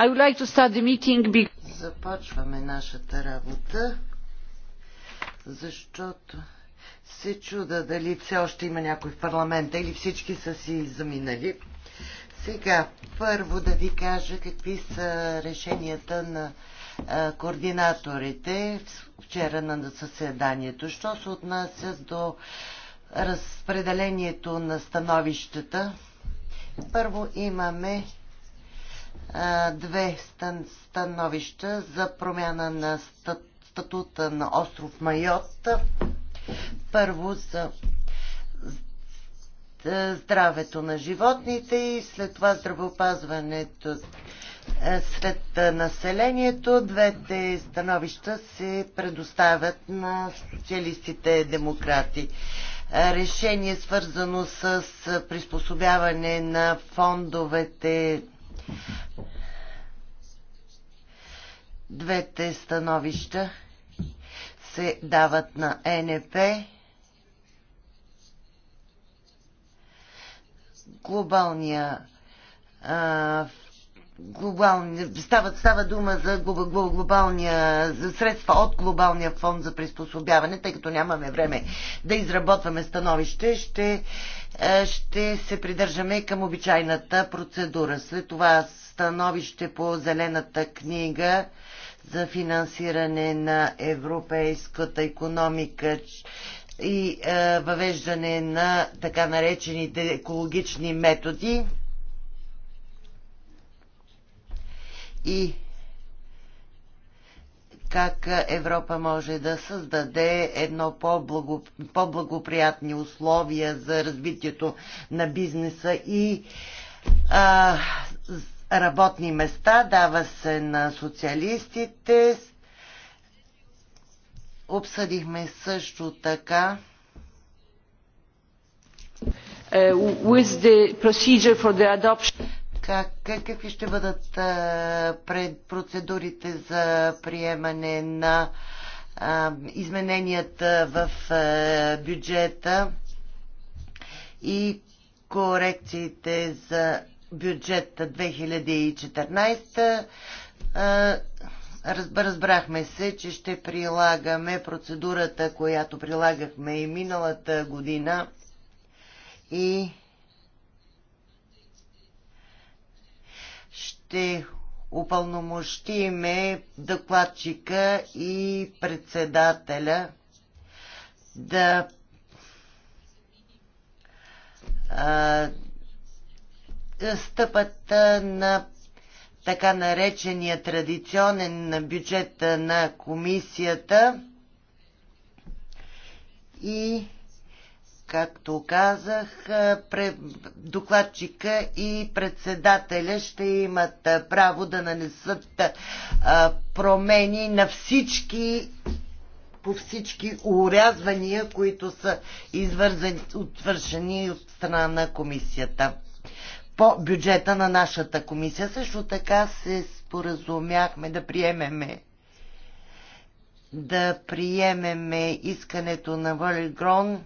I would like to start the meeting Започваме нашата работа, защото се чуда дали все още има някой в парламента или всички са си заминали. Сега, първо да ви кажа какви са решенията на координаторите вчера на съседанието. Що се отнася до разпределението на становищата? Първо имаме две становища за промяна на статута на остров Майот. Първо за здравето на животните и след това здравеопазването е, сред населението. Двете становища се предоставят на социалистите демократи. Е, решение свързано с приспособяване на фондовете Двете становища се дават на НП. Глобалния а, глобални, става, става дума за глобалния, за средства от глобалния фонд за приспособяване, тъй като нямаме време да изработваме становище, ще, е, ще се придържаме към обичайната процедура. След това становище по зелената книга за финансиране на европейската економика и е, въвеждане на така наречените екологични методи. и как Европа може да създаде едно по-благоприятни по условия за развитието на бизнеса и а, работни места. Дава се на социалистите. Обсъдихме също така uh, with the procedure for the adoption как, какви ще бъдат а, пред процедурите за приемане на а, измененията в а, бюджета и корекциите за бюджета 2014. А, Разбрахме се, че ще прилагаме процедурата, която прилагахме и миналата година и ще упълномощиме докладчика и председателя да а, стъпат на така наречения традиционен бюджета на комисията и Както казах, докладчика и председателя ще имат право да нанесат промени на всички по всички урязвания, които са отвършени от страна на комисията. По бюджета на нашата комисия също така се споразумяхме да приемеме да приемеме искането на Валигрон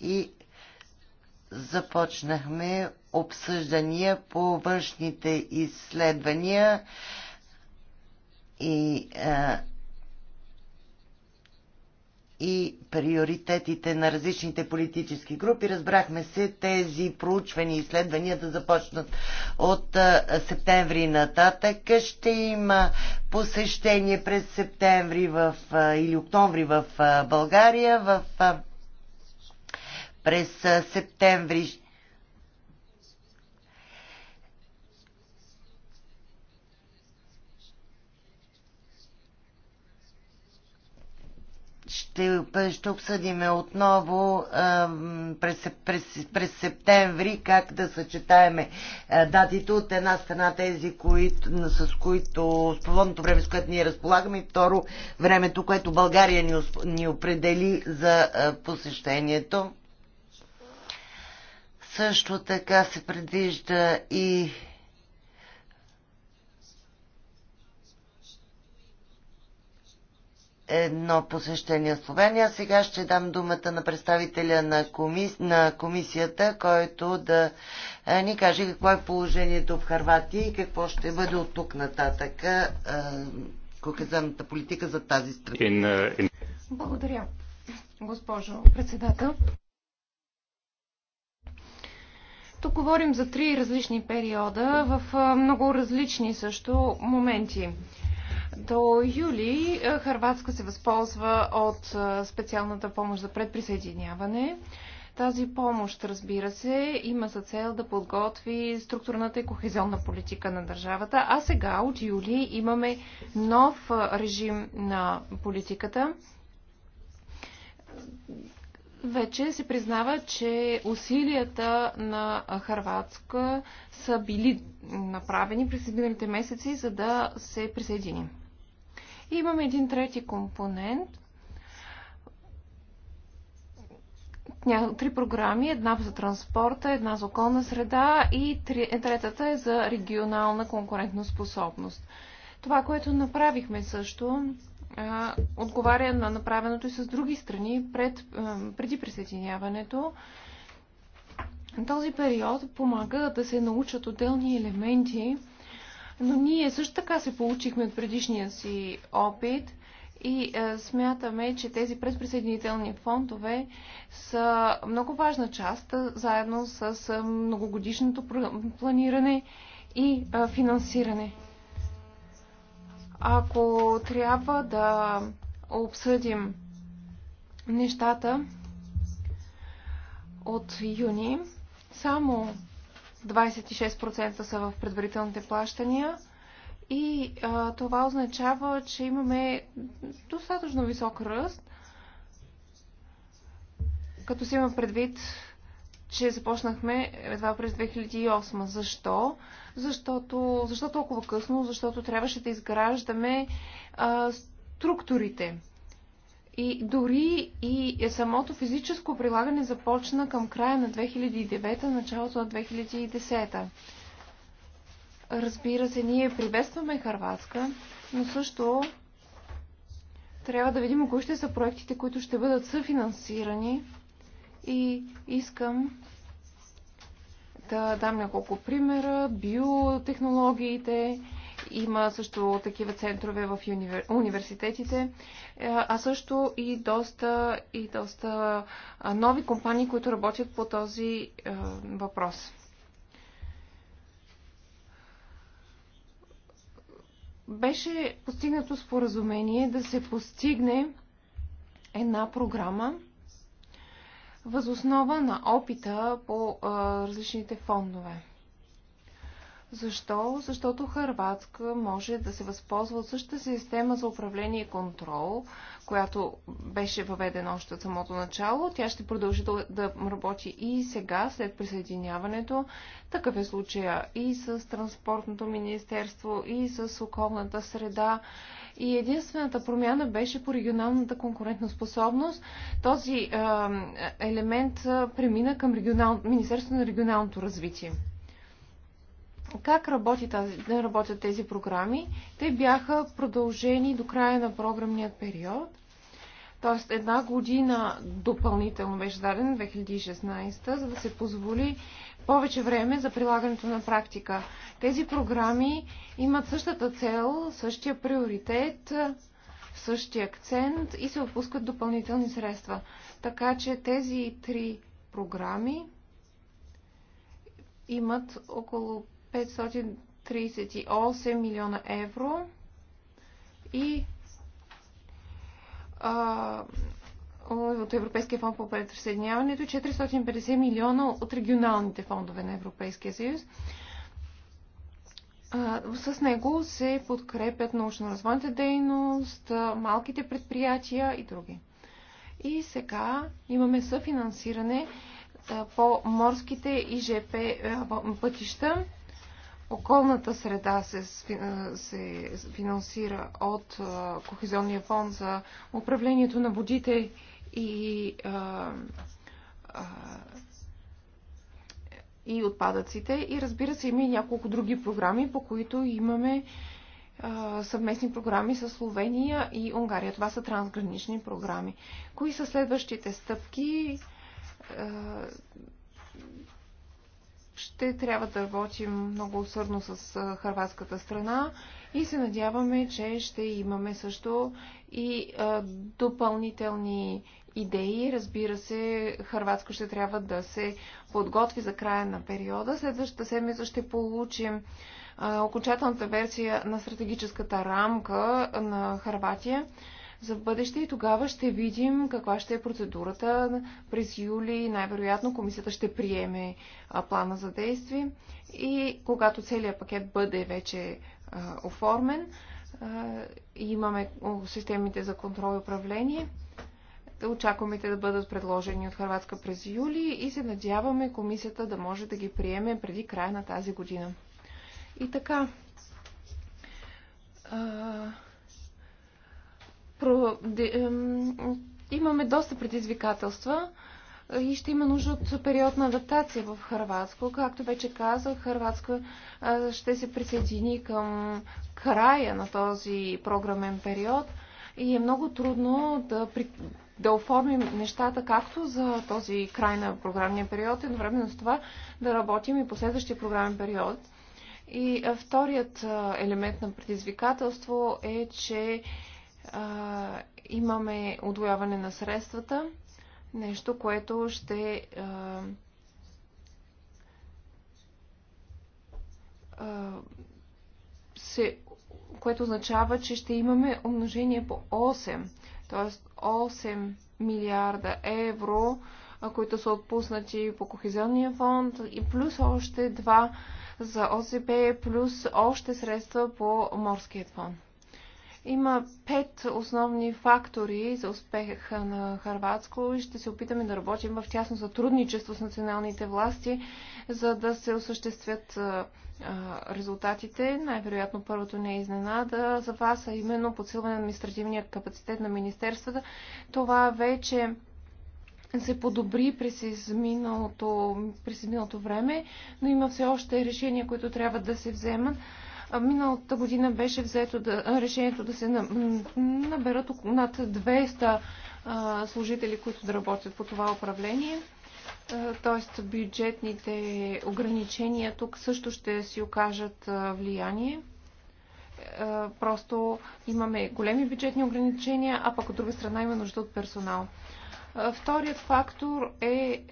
и започнахме обсъждания по външните изследвания и, а, и приоритетите на различните политически групи. Разбрахме се тези проучвани изследвания да започнат от а, септември нататък. Ще има посещение през септември в, а, или октомври в а, България, в а, през септември. ще, ще обсъдиме отново а, през, през, през септември как да съчетаеме датите от една страна тези, които, с които свободното време, с което ние разполагаме и второ времето, което България ни, ни определи за а, посещението. Също така се предвижда и едно посещение в Словения. Сега ще дам думата на представителя на, коми... на комисията, който да е, ни каже какво е положението в Харватия и какво ще бъде от тук нататък е, кохезионната политика за тази страна. Uh, Благодаря, госпожо председател. Тук говорим за три различни периода, в много различни също моменти. До юли Харватска се възползва от специалната помощ за предприсъединяване. Тази помощ, разбира се, има за цел да подготви структурната и кохезионна политика на държавата, а сега от юли имаме нов режим на политиката, вече се признава, че усилията на Харватска са били направени през изминалите месеци, за да се присъедини. И имаме един трети компонент. Три програми, една за транспорта, една за околна среда и третата е за регионална конкурентна способност. Това, което направихме също, отговаря на направеното и с други страни пред, преди присъединяването. Този период помага да се научат отделни елементи, но ние също така се получихме от предишния си опит и смятаме, че тези предприсъединителни фондове са много важна част, заедно с многогодишното планиране и финансиране. Ако трябва да обсъдим нещата от юни, само 26% са в предварителните плащания и а, това означава, че имаме достатъчно висок ръст, като си има предвид че започнахме едва през 2008. Защо? Защото, защо толкова късно? Защото трябваше да изграждаме а, структурите. И дори и самото физическо прилагане започна към края на 2009, началото на 2010. Разбира се, ние приветстваме Харватска, но също трябва да видим кои ще са проектите, които ще бъдат съфинансирани и искам да дам няколко примера. Биотехнологиите, има също такива центрове в универ... университетите, е, а също и доста, и доста нови компании, които работят по този е, въпрос. Беше постигнато споразумение да се постигне една програма, възоснова на опита по а, различните фондове. Защо? Защото Харватска може да се възползва от същата система за управление и контрол, която беше въведена още от самото начало. Тя ще продължи да, да работи и сега, след присъединяването. Такъв е случая и с Транспортното министерство, и с околната среда, и единствената промяна беше по регионалната конкурентоспособност. Този а, елемент а, премина към регионал... Министерството на регионалното развитие. Как работи тази, работят тези програми? Те бяха продължени до края на програмният период. Тоест една година допълнително беше даден 2016, за да се позволи повече време за прилагането на практика. Тези програми имат същата цел, същия приоритет, същия акцент и се отпускат допълнителни средства. Така че тези три програми имат около 538 милиона евро и а, от Европейския фонд по предсъединяването и 450 милиона от регионалните фондове на Европейския съюз. С него се подкрепят научно-развойната дейност, малките предприятия и други. И сега имаме съфинансиране по морските и ЖП пътища. Околната среда се, се финансира от Кохезионния фонд за управлението на водите и, а, а, и отпадъците. И разбира се, има и няколко други програми, по които имаме а, съвместни програми с Словения и Унгария. Това са трансгранични програми. Кои са следващите стъпки? А, ще трябва да работим много усърдно с хърватската страна и се надяваме, че ще имаме също и допълнителни идеи. Разбира се, Хърватска ще трябва да се подготви за края на периода. Следващата седмица ще получим окончателната версия на стратегическата рамка на Харватия за бъдеще и тогава ще видим каква ще е процедурата. През юли най-вероятно комисията ще приеме плана за действие и когато целият пакет бъде вече оформен, имаме системите за контрол и управление. Очакваме те да бъдат предложени от Харватска през юли и се надяваме комисията да може да ги приеме преди края на тази година. И така имаме доста предизвикателства и ще има нужда от период на адаптация в Харватско. Както вече казах, Харватско е, ще се присъедини към края на този програмен период и е много трудно да, при... да оформим нещата както за този край на програмния период, едновременно с това да работим и последващия програмен период. И е, вторият е, елемент на предизвикателство е, че а, имаме удвояване на средствата, нещо, което ще а, а, се, което означава, че ще имаме умножение по 8, т.е. 8 милиарда евро, които са отпуснати по Кохезионния фонд и плюс още 2 за ОСП, плюс още средства по Морският фонд. Има пет основни фактори за успеха на Харватско и ще се опитаме да работим в тясно сътрудничество с националните власти, за да се осъществят резултатите. Най-вероятно първото не е изненада за вас, а именно подсилване на административния капацитет на министерствата. Това вече се подобри през изминалото, през изминалото време, но има все още решения, които трябва да се вземат. Миналата година беше взето да, решението да се наберат около над 200 служители, които да работят по това управление. Т.е. бюджетните ограничения тук също ще си окажат влияние. Просто имаме големи бюджетни ограничения, а пък от друга страна има нужда от персонал. Вторият фактор е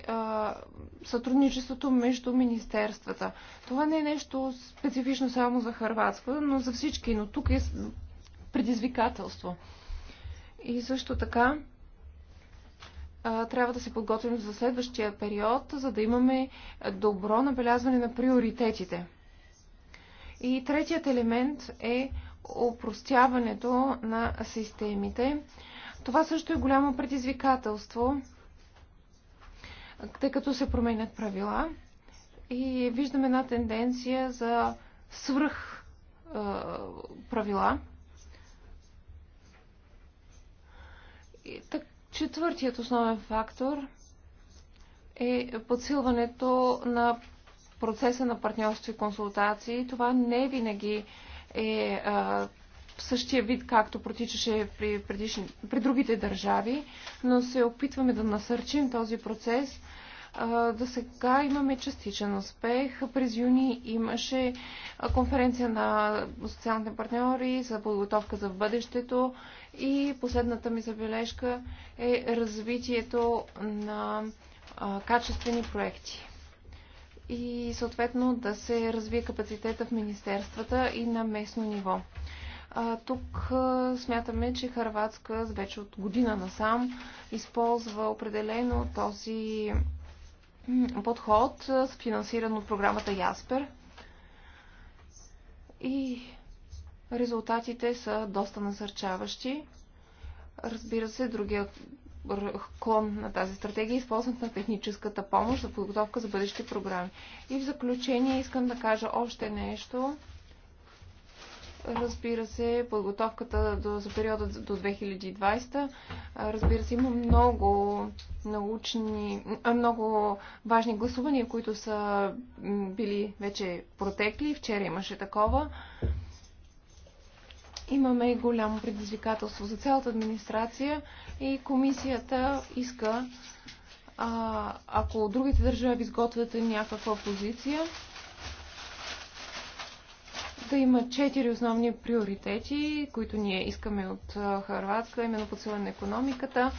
сътрудничеството между министерствата. Това не е нещо специфично само за Харватска, но за всички. Но тук е предизвикателство. И също така трябва да се подготвим за следващия период, за да имаме добро набелязване на приоритетите. И третият елемент е опростяването на системите това също е голямо предизвикателство, тъй като се променят правила и виждаме една тенденция за свръх е, правила. И, так, четвъртият основен фактор е подсилването на процеса на партньорство и консултации. Това не винаги е е в същия вид, както протичаше при, предишни, при другите държави, но се опитваме да насърчим този процес. Да сега имаме частичен успех. През юни имаше конференция на социалните партньори за подготовка за бъдещето и последната ми забележка е развитието на качествени проекти и съответно да се развие капацитета в министерствата и на местно ниво. А, тук а, смятаме, че Харватска вече от година насам използва определено този подход, финансиран от програмата Яспер. И резултатите са доста насърчаващи. Разбира се, другия клон на тази стратегия е използването на техническата помощ за подготовка за бъдещи програми. И в заключение искам да кажа още нещо разбира се, подготовката до, за периода до 2020. Разбира се, има много научни, много важни гласувания, които са били вече протекли. Вчера имаше такова. Имаме и голямо предизвикателство за цялата администрация и комисията иска, а, ако другите държави изготвят някаква позиция, Та има четири основни приоритети, които ние искаме от Харватска, именно подсилване на економиката.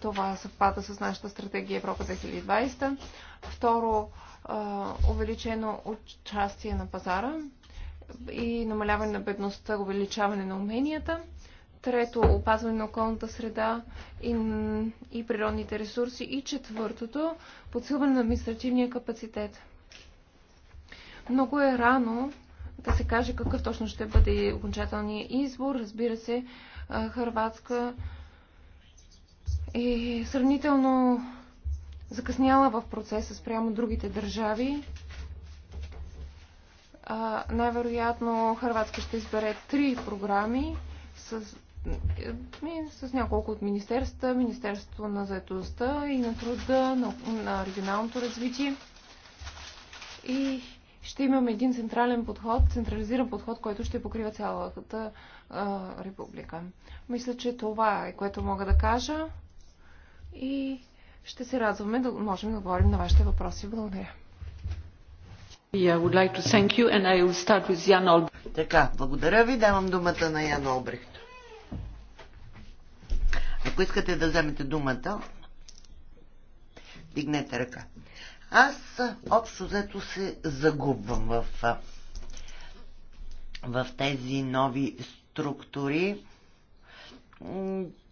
Това съвпада с нашата стратегия Европа 2020. Второ, увеличено участие на пазара и намаляване на бедността, увеличаване на уменията. Трето, опазване на околната среда и, и природните ресурси. И четвъртото, подсилване на административния капацитет. Много е рано да се каже какъв точно ще бъде окончателният избор. Разбира се, Харватска е сравнително закъсняла в процеса спрямо другите държави. най-вероятно Харватска ще избере три програми с, е, с няколко от министерства. Министерството на заедостта и на труда, на, на регионалното развитие. И ще имаме един централен подход, централизиран подход, който ще покрива цялата а, република. Мисля, че това е което мога да кажа и ще се радваме да можем да говорим на вашите въпроси. Благодаря. така, благодаря ви. Давам думата на Ян Обрехт. Ако искате да вземете думата, дигнете ръка. Аз общо взето се загубвам в, в тези нови структури.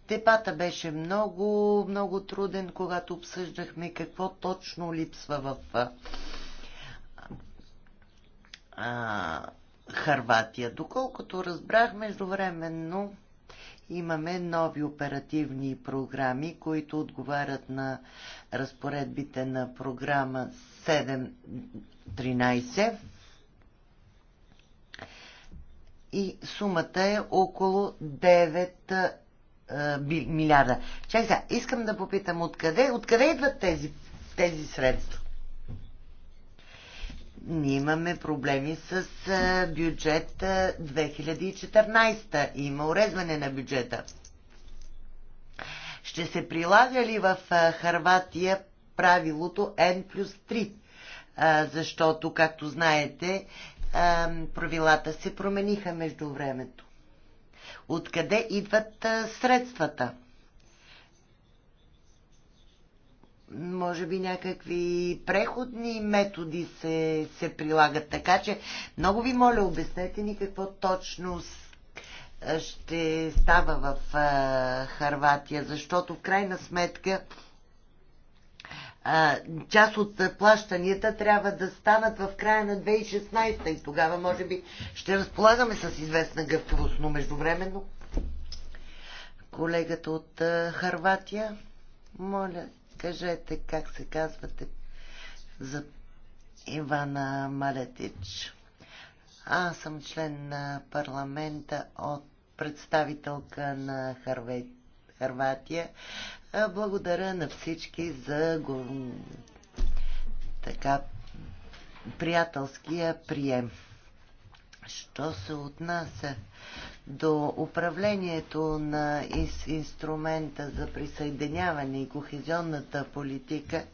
Депата беше много, много труден, когато обсъждахме какво точно липсва в а, Харватия. Доколкото разбрах, междувременно имаме нови оперативни програми, които отговарят на разпоредбите на програма 7.13 и сумата е около 9 милиарда. Чакай сега, искам да попитам, откъде, откъде идват тези, тези средства? ние имаме проблеми с бюджет 2014. Има урезване на бюджета. Ще се прилага ли в Харватия правилото N плюс 3? Защото, както знаете, правилата се промениха между времето. Откъде идват средствата? може би някакви преходни методи се, се прилагат. Така че много ви моля, обяснете ни какво точно ще става в а, Харватия, защото в крайна сметка а, част от плащанията трябва да станат в края на 2016 и тогава може би ще разполагаме с известна гъвкавост, но междувременно колегата от а, Харватия, моля, кажете как се казвате за Ивана Малетич. Аз съм член на парламента от представителка на Харватия. Благодаря на всички за го... така приятелския прием. Що се отнася до управлението на инструмента за присъединяване и кохезионната политика,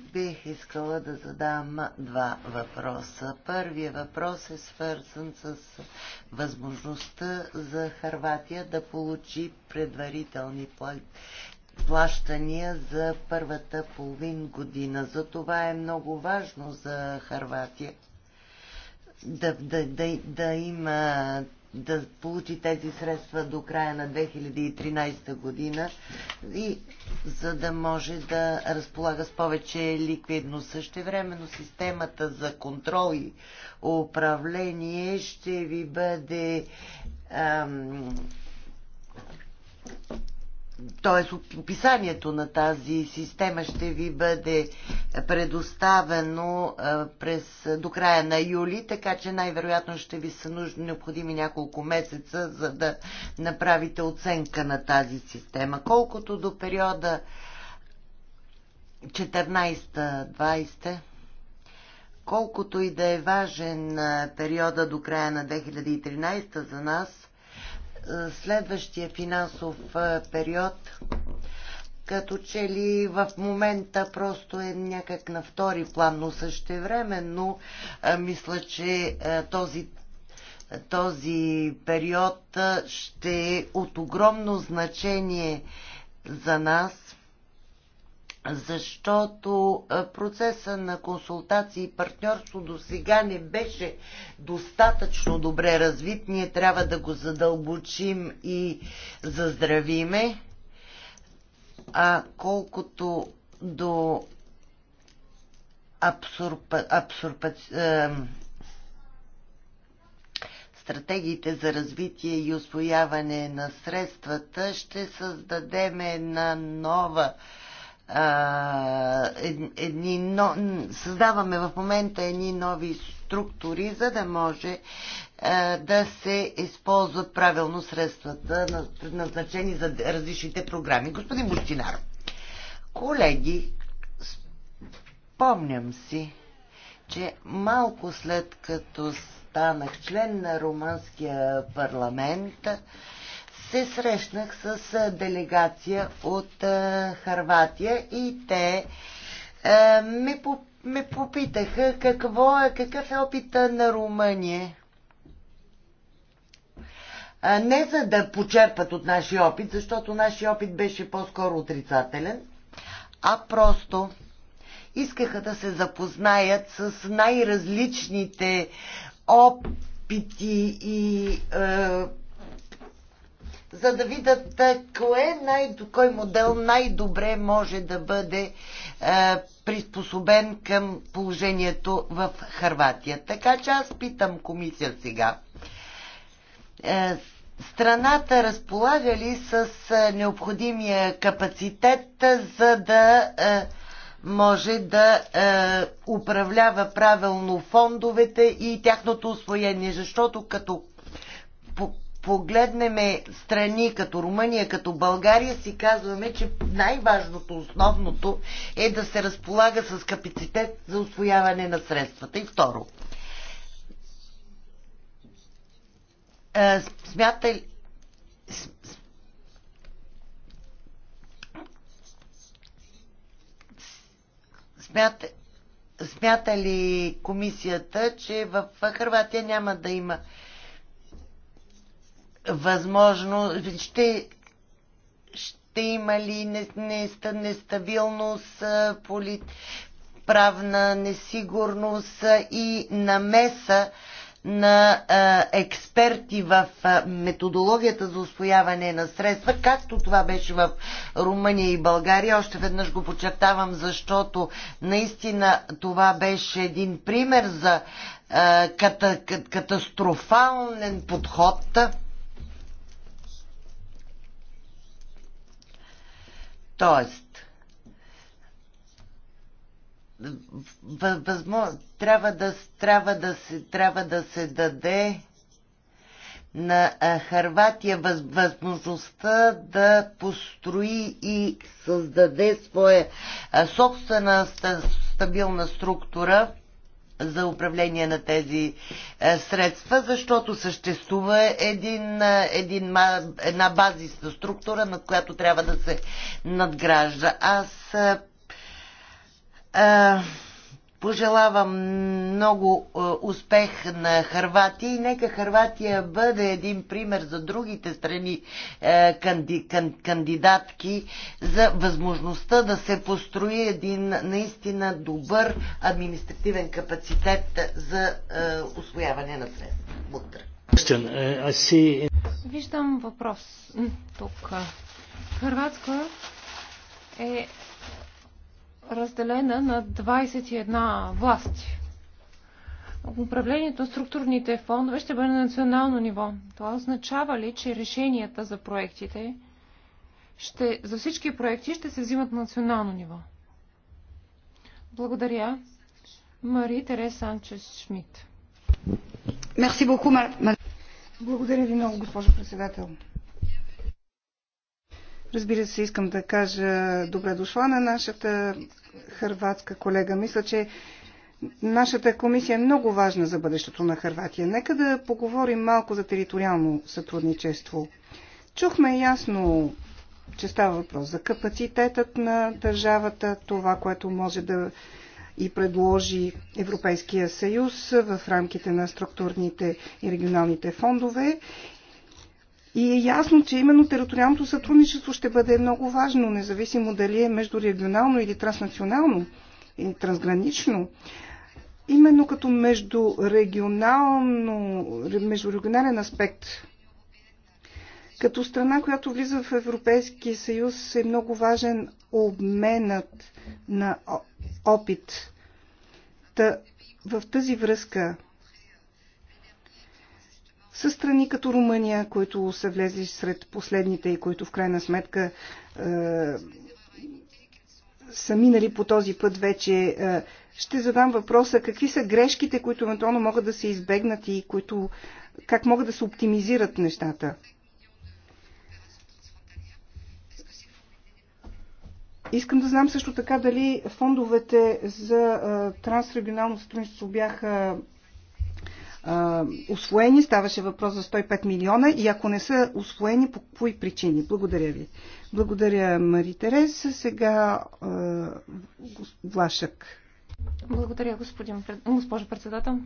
бих искала да задам два въпроса. Първият въпрос е свързан с възможността за Харватия да получи предварителни плащания за първата половин година. За това е много важно за Харватия да, да, да, да има да получи тези средства до края на 2013 година и за да може да разполага с повече ликвидно. Същевременно системата за контрол и управление ще ви бъде ам, т.е. описанието на тази система ще ви бъде предоставено през, до края на юли, така че най-вероятно ще ви са нужни необходими няколко месеца, за да направите оценка на тази система. Колкото до периода 14-20, колкото и да е важен периода до края на 2013 за нас, следващия финансов период, като че ли в момента просто е някак на втори план, но но мисля, че този този период ще е от огромно значение за нас защото процеса на консултации и партньорство до сега не беше достатъчно добре развит. Ние трябва да го задълбочим и заздравиме. А колкото до абсурпа, абсурпа, э, стратегиите за развитие и освояване на средствата, ще създадем една нова едни, но, създаваме в момента едни нови структури, за да може да се използват правилно средствата, предназначени за различните програми. Господин Бущинар, колеги, спомням си, че малко след като станах член на Румънския парламент, се срещнах с делегация от Харватия и те ме, ме попитаха какво е, какъв е опита на Румъния. Не за да почерпат от нашия опит, защото нашия опит беше по-скоро отрицателен, а просто искаха да се запознаят с най-различните опити и е, за да видят кое най, кой модел най-добре може да бъде е, приспособен към положението в Харватия. Така че аз питам комисия сега. Е, страната разполага ли с необходимия капацитет, за да е, може да е, управлява правилно фондовете и тяхното освоение, защото като погледнем страни като Румъния, като България, си казваме, че най-важното, основното е да се разполага с капацитет за освояване на средствата. И второ, е, смята ли смята, смята ли комисията, че в Хрватия няма да има възможно, ще, ще има ли нестабилност, полит, правна несигурност и намеса на експерти в методологията за освояване на средства, както това беше в Румъния и България. Още веднъж го подчертавам, защото наистина това беше един пример за ката, ката, катастрофален подход Тоест, възможно, трябва да, трябва да се, трябва да се даде на Харватия въз, възможността да построи и създаде своя собствена стабилна структура, за управление на тези е, средства, защото съществува един, е, един, една базисна структура, над която трябва да се надгражда. Аз а, е, Пожелавам много е, успех на Харватия и нека Харватия бъде един пример за другите страни е, канди, кан, кандидатки за възможността да се построи един наистина добър административен капацитет за освояване е, на средства. Благодаря. Uh, Виждам въпрос тук. Хрватска е разделена на 21 власти. Управлението на структурните фондове ще бъде на национално ниво. Това означава ли, че решенията за проектите ще, за всички проекти ще се взимат на национално ниво? Благодаря. Мари Терес Санчес Шмидт. Благодаря ви много, госпожо председател. Разбира се, искам да кажа добре дошла на нашата хърватска колега. Мисля, че нашата комисия е много важна за бъдещето на Хърватия. Нека да поговорим малко за териториално сътрудничество. Чухме ясно, че става въпрос за капацитетът на държавата, това, което може да и предложи Европейския съюз в рамките на структурните и регионалните фондове и е ясно, че именно териториалното сътрудничество ще бъде много важно, независимо дали е междурегионално или транснационално или трансгранично. Именно като между междурегионален аспект като страна, която влиза в Европейския съюз, е много важен обменът на опит. Та, в тази връзка са страни като Румъния, които са влезли сред последните и които в крайна сметка е, са минали по този път вече. Е, ще задам въпроса какви са грешките, които евентуално могат да се избегнат и които, как могат да се оптимизират нещата. Искам да знам също така дали фондовете за е, трансрегионално сътрудничество бяха освоени. Ставаше въпрос за 105 милиона и ако не са освоени, по кои причини? Благодаря ви. Благодаря, Мари Терес. Сега а, Влашък. Благодаря, господин, госпожо председател.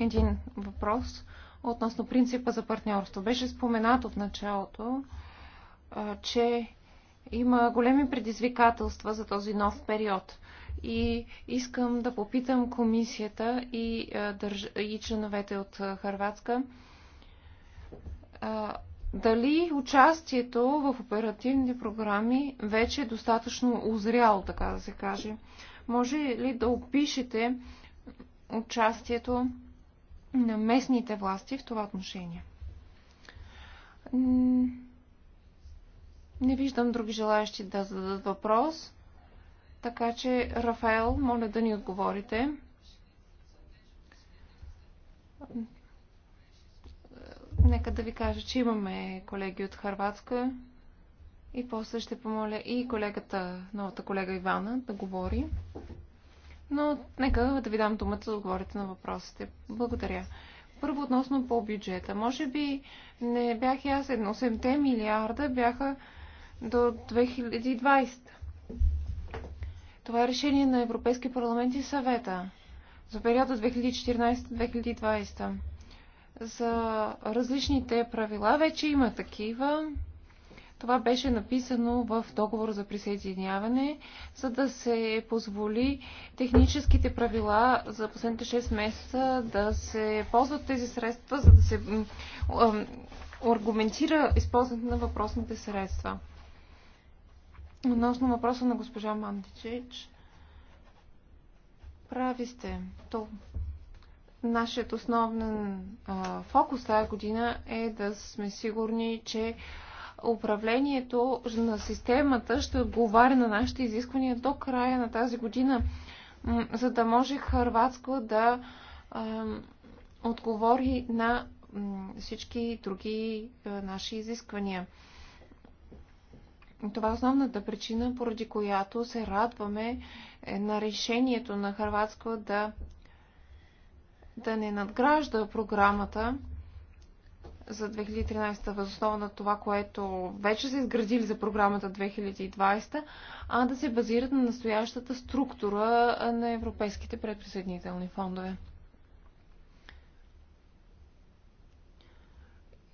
Един въпрос относно принципа за партньорство. Беше споменато в началото, а, че има големи предизвикателства за този нов период – и искам да попитам комисията и, държ... и членовете от Харватска дали участието в оперативни програми вече е достатъчно озряло, така да се каже. Може ли да опишете участието на местните власти в това отношение? Не виждам други желаящи да зададат въпрос. Така че, Рафаел, моля да ни отговорите. Нека да ви кажа, че имаме колеги от Харватска и после ще помоля и колегата, новата колега Ивана да говори. Но нека да ви дам думата да отговорите на въпросите. Благодаря. Първо относно по бюджета. Може би не бях и аз едно 7 милиарда бяха до 2020. Това е решение на Европейския парламент и съвета за периода 2014-2020. За различните правила вече има такива. Това беше написано в договор за присъединяване, за да се позволи техническите правила за последните 6 месеца да се ползват тези средства, за да се аргументира използването на въпросните средства. Относно въпроса на госпожа Мантичич, прави сте. То, нашият основен а, фокус тази година е да сме сигурни, че управлението на системата ще отговаря на нашите изисквания до края на тази година, за да може Харватска да а, отговори на всички други а, наши изисквания това е основната причина, поради която се радваме е, на решението на Харватска да, да не надгражда програмата за 2013 възоснова на това, което вече са изградили за програмата 2020, а да се базират на настоящата структура на европейските предприсъединителни фондове.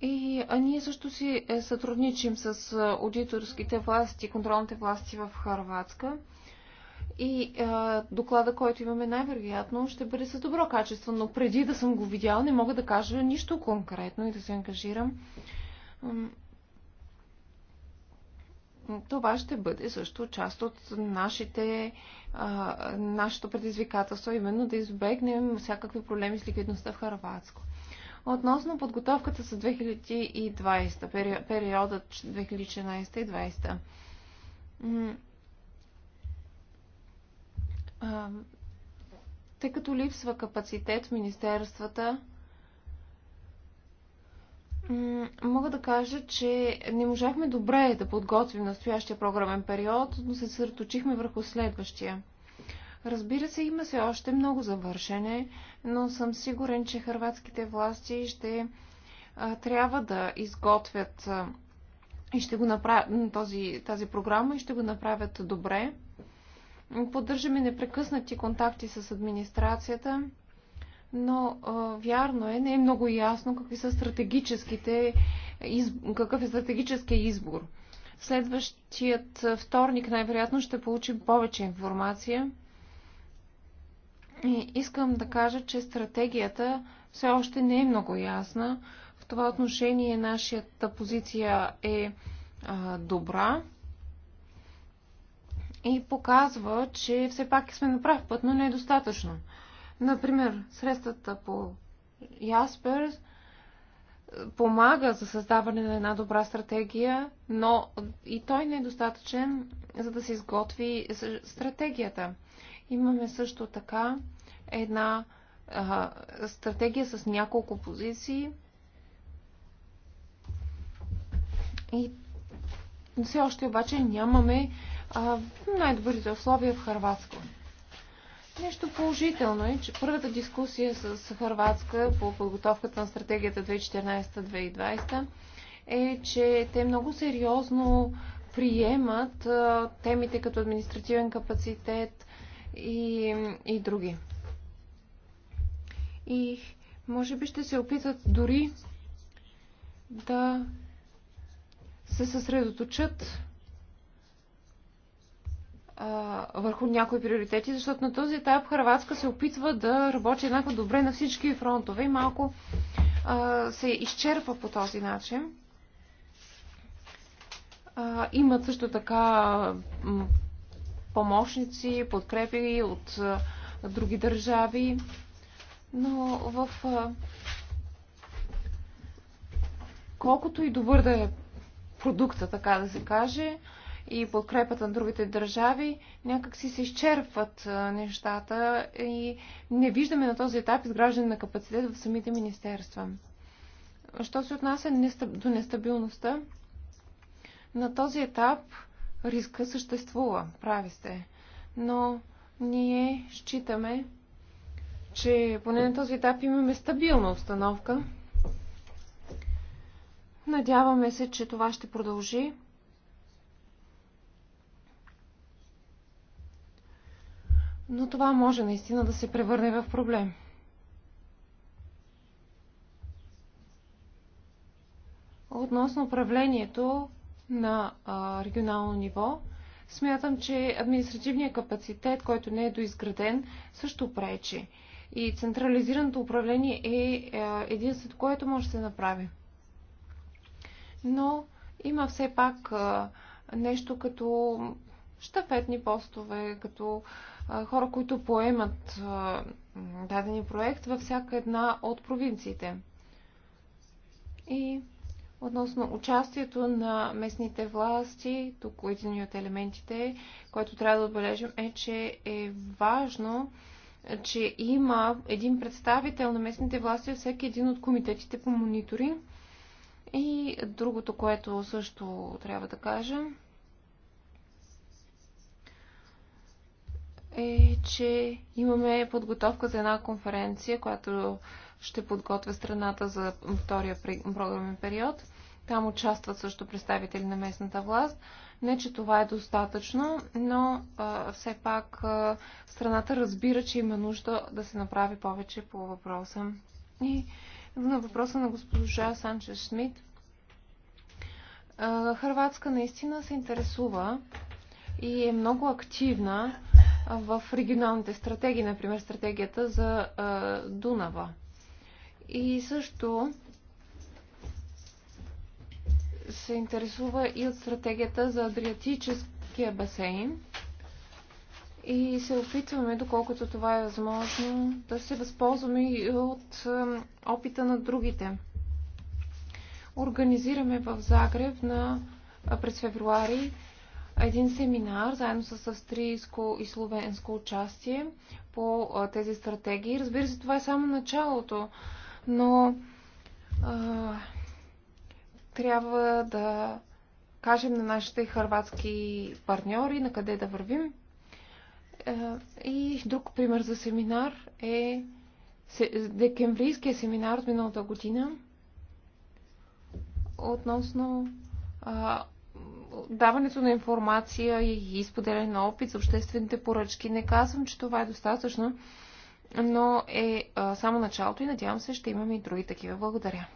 И а ние също си е, сътрудничим с аудиторските власти, контролните власти в Харватска. И а, доклада, който имаме най-вероятно, ще бъде с добро качество, но преди да съм го видял, не мога да кажа нищо конкретно и да се ангажирам. Това ще бъде също част от нашите, а, нашето предизвикателство, именно да избегнем всякакви проблеми с ликвидността в Харватско. Относно подготовката с 2020, периодът 2016 и 2020. Тъй като липсва капацитет в министерствата, Мога да кажа, че не можахме добре да подготвим настоящия програмен период, но се съсредоточихме върху следващия. Разбира се, има се още много завършене, но съм сигурен, че хърватските власти ще а, трябва да изготвят а, и ще го направят този, тази програма и ще го направят добре. Поддържаме непрекъснати контакти с администрацията, но а, вярно е, не е много ясно какви са стратегическите, из, какъв е стратегическия избор. Следващият вторник най-вероятно ще получим повече информация. И искам да кажа, че стратегията все още не е много ясна. В това отношение нашата позиция е а, добра и показва, че все пак сме на прав път, но не е достатъчно. Например, средствата по Яспер помага за създаване на една добра стратегия, но и той не е достатъчен, за да се изготви стратегията. Имаме също така една а, стратегия с няколко позиции. И все още обаче нямаме най-добрите условия в Харватска. Нещо положително е, че първата дискусия с Харватска по подготовката на стратегията 2014-2020 е, че те много сериозно приемат темите като административен капацитет, и, и други. И може би ще се опитат дори да се съсредоточат а, върху някои приоритети, защото на този етап Харватска се опитва да работи еднакво добре на всички фронтове и малко а, се изчерпва по този начин. А, имат също така помощници, подкрепи от други държави. Но в колкото и добър да е продукта, така да се каже, и подкрепата на другите държави, някак си се изчерпват нещата и не виждаме на този етап изграждане на капацитет в самите министерства. Що се отнася до нестабилността, на този етап риска съществува, прави сте. Но ние считаме, че поне на този етап имаме стабилна обстановка. Надяваме се, че това ще продължи. Но това може наистина да се превърне в проблем. Относно управлението, на а, регионално ниво. Смятам, че административният капацитет, който не е доизграден, също пречи. И централизираното управление е, е единството, което може да се направи. Но има все пак а, нещо като щафетни постове, като а, хора, които поемат а, дадени проект във всяка една от провинциите. И относно участието на местните власти. Тук един от елементите, който трябва да отбележим е, че е важно, че има един представител на местните власти във всеки един от комитетите по мониторинг. И другото, което също трябва да кажем, е, че имаме подготовка за една конференция, която ще подготвя страната за втория програмен период. Там участват също представители на местната власт. Не, че това е достатъчно, но а, все пак а, страната разбира, че има нужда да се направи повече по въпроса. И на въпроса на госпожа Санчес Шмидт. Хрватска наистина се интересува и е много активна в регионалните стратегии, например стратегията за Дунава и също се интересува и от стратегията за Адриатическия басейн и се опитваме, доколкото това е възможно, да се възползваме и от опита на другите. Организираме в Загреб на, през февруари един семинар заедно с австрийско и словенско участие по тези стратегии. Разбира се, това е само началото но а, трябва да кажем на нашите хърватски партньори на къде да вървим. А, и друг пример за семинар е декемврийския семинар от миналата година относно а, даването на информация и изподеляне на опит за обществените поръчки. Не казвам, че това е достатъчно, но е а, само началото и надявам се ще имаме и други такива. Благодаря.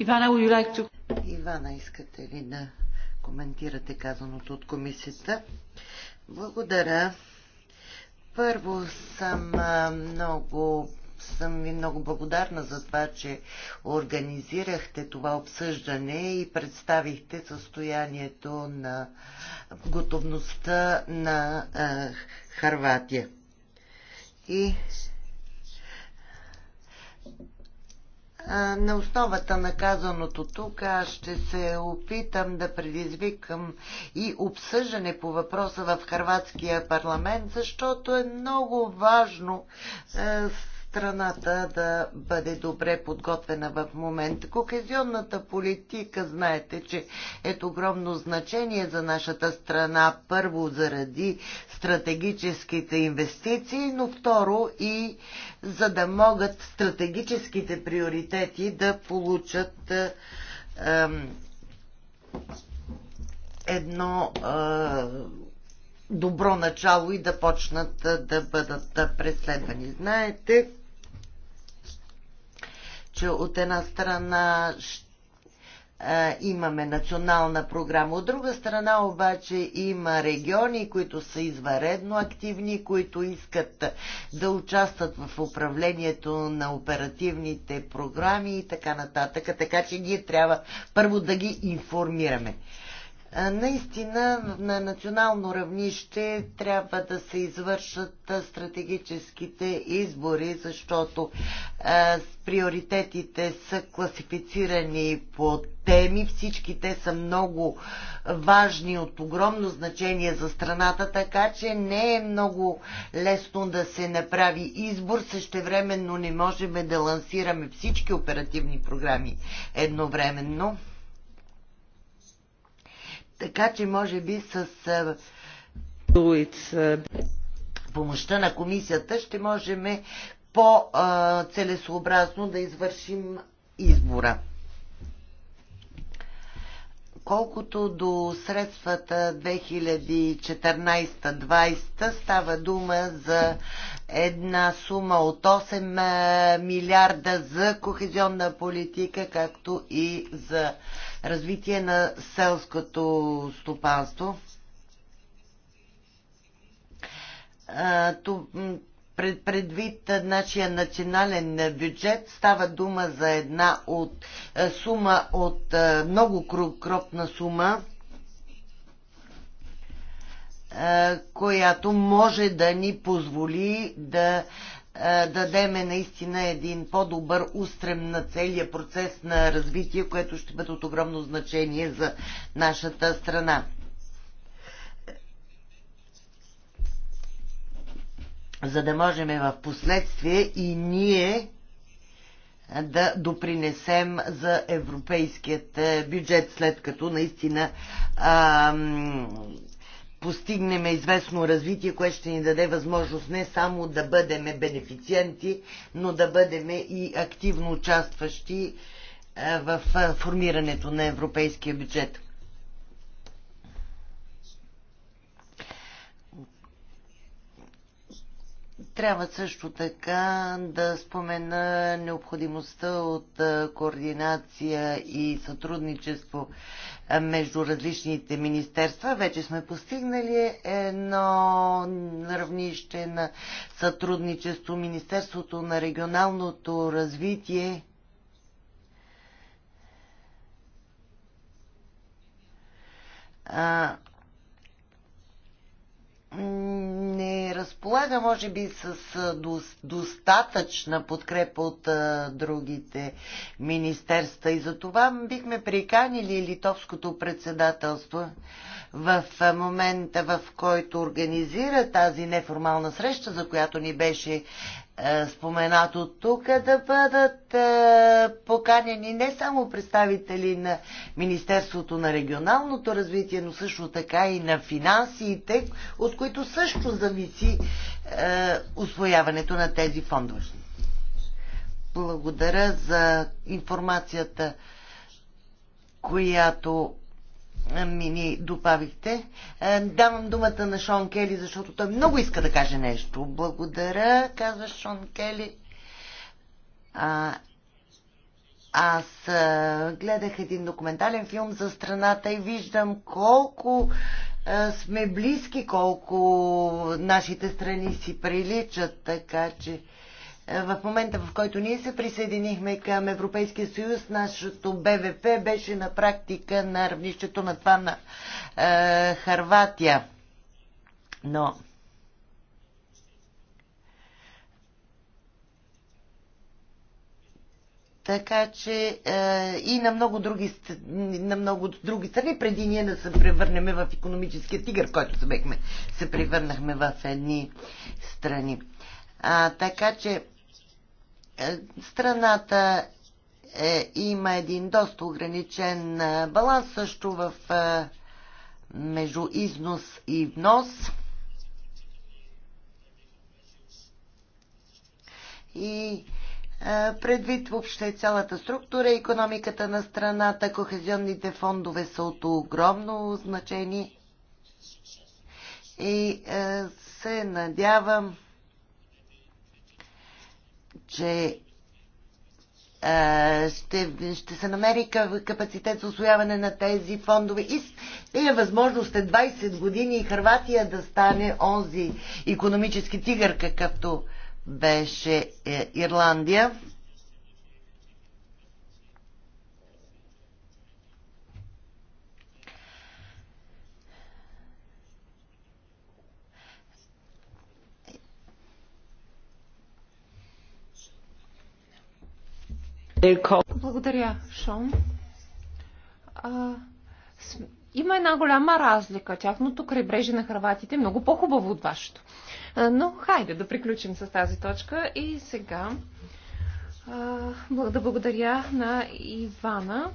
Ивана, would you like to... Ивана, искате ли да коментирате казаното от комисията? Благодаря. Първо съм много съм ви много благодарна за това, че организирахте това обсъждане и представихте състоянието на готовността на Харватия и на основата на казаното тук аз ще се опитам да предизвикам и обсъждане по въпроса в Харватския парламент, защото е много важно е, страната да бъде добре подготвена в момента. Кохезионната политика, знаете, че е огромно значение за нашата страна, първо заради стратегическите инвестиции, но второ и за да могат стратегическите приоритети да получат е, ем, едно е, добро начало и да почнат е, да бъдат е, преследвани. Знаете, че от една страна е, имаме национална програма. От друга страна обаче има региони, които са изваредно активни, които искат да участват в управлението на оперативните програми и така нататък. Така че ние трябва първо да ги информираме. Наистина на национално равнище трябва да се извършат стратегическите избори, защото приоритетите са класифицирани по теми. Всички те са много важни, от огромно значение за страната, така че не е много лесно да се направи избор. Същевременно не можем да лансираме всички оперативни програми едновременно. Така че може би с помощта на комисията ще можем по-целесообразно да извършим избора. Колкото до средствата 2014-2020 става дума за една сума от 8 милиарда за кохезионна политика, както и за развитие на селското стопанство. предвид нашия национален бюджет става дума за една от сума от много крупна сума, която може да ни позволи да е, дадеме наистина един по-добър устрем на целия процес на развитие, което ще бъде от огромно значение за нашата страна. За да можем в последствие и ние е, да допринесем за европейският е, бюджет, след като наистина ам, постигнем известно развитие, което ще ни даде възможност не само да бъдем бенефициенти, но да бъдем и активно участващи е, в е, формирането на европейския бюджет. Трябва също така да спомена необходимостта от е, координация и сътрудничество между различните министерства. Вече сме постигнали едно равнище на сътрудничество. Министерството на регионалното развитие а, разполага, може би, с достатъчна подкрепа от другите министерства. И за това бихме приканили литовското председателство в момента, в който организира тази неформална среща, за която ни беше е, споменато тук, да бъдат е, поканени не само представители на Министерството на регионалното развитие, но също така и на финансите, от които също зависи освояването е, на тези фондове. Благодаря за информацията, която ми ни добавихте. Давам думата на Шон Кели, защото той много иска да каже нещо. Благодаря, казва Шон Кели. А, аз а, гледах един документален филм за страната и виждам колко а, сме близки, колко нашите страни си приличат, така че в момента, в който ние се присъединихме към Европейския съюз, нашето БВП беше на практика на равнището на това на е, Харватия. Но Така че е, и на много, други, на много други страни, преди ние да се превърнем в економическия тигър, който се, бехме, се превърнахме в едни страни. А, така че е, страната е, има един доста ограничен е, баланс също в е, между износ и внос. И е, предвид въобще цялата структура, економиката на страната, кохезионните фондове са от огромно значение. И е, се надявам че ще, ще се намери капацитет за освояване на тези фондове и е възможно след 20 години Харватия да стане онзи економически тигър, какъвто беше е, Ирландия. Благодаря, Шон. А, с... Има една голяма разлика. Тяхното крайбрежие на Хрватите е много по-хубаво от вашето. А, но хайде да приключим с тази точка и сега а, да благодаря на Ивана.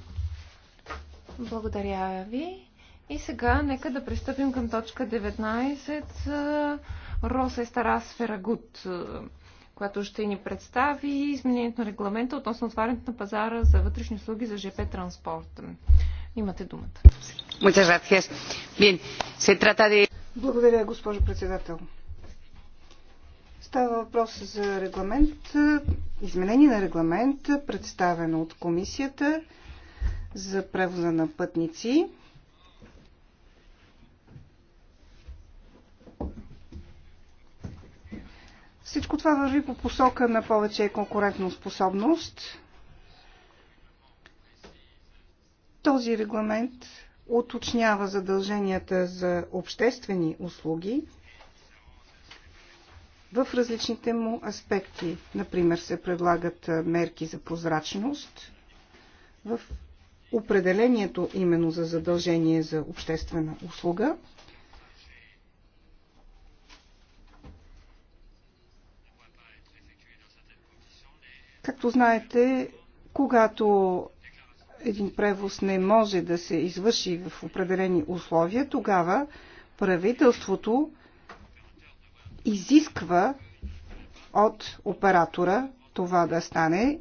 Благодаря ви. И сега нека да пристъпим към точка 19. Роса и сфера Гуд която ще ни представи изменението на регламента относно отварянето на пазара за вътрешни услуги за ЖП транспорт. Имате думата. Благодаря, госпожо председател. Става въпрос за регламент, изменение на регламент, представено от комисията за превоза на пътници. Всичко това върви по посока на повече конкурентоспособност. Този регламент уточнява задълженията за обществени услуги в различните му аспекти. Например, се предлагат мерки за прозрачност в определението именно за задължение за обществена услуга – Както знаете, когато един превоз не може да се извърши в определени условия, тогава правителството изисква от оператора това да стане,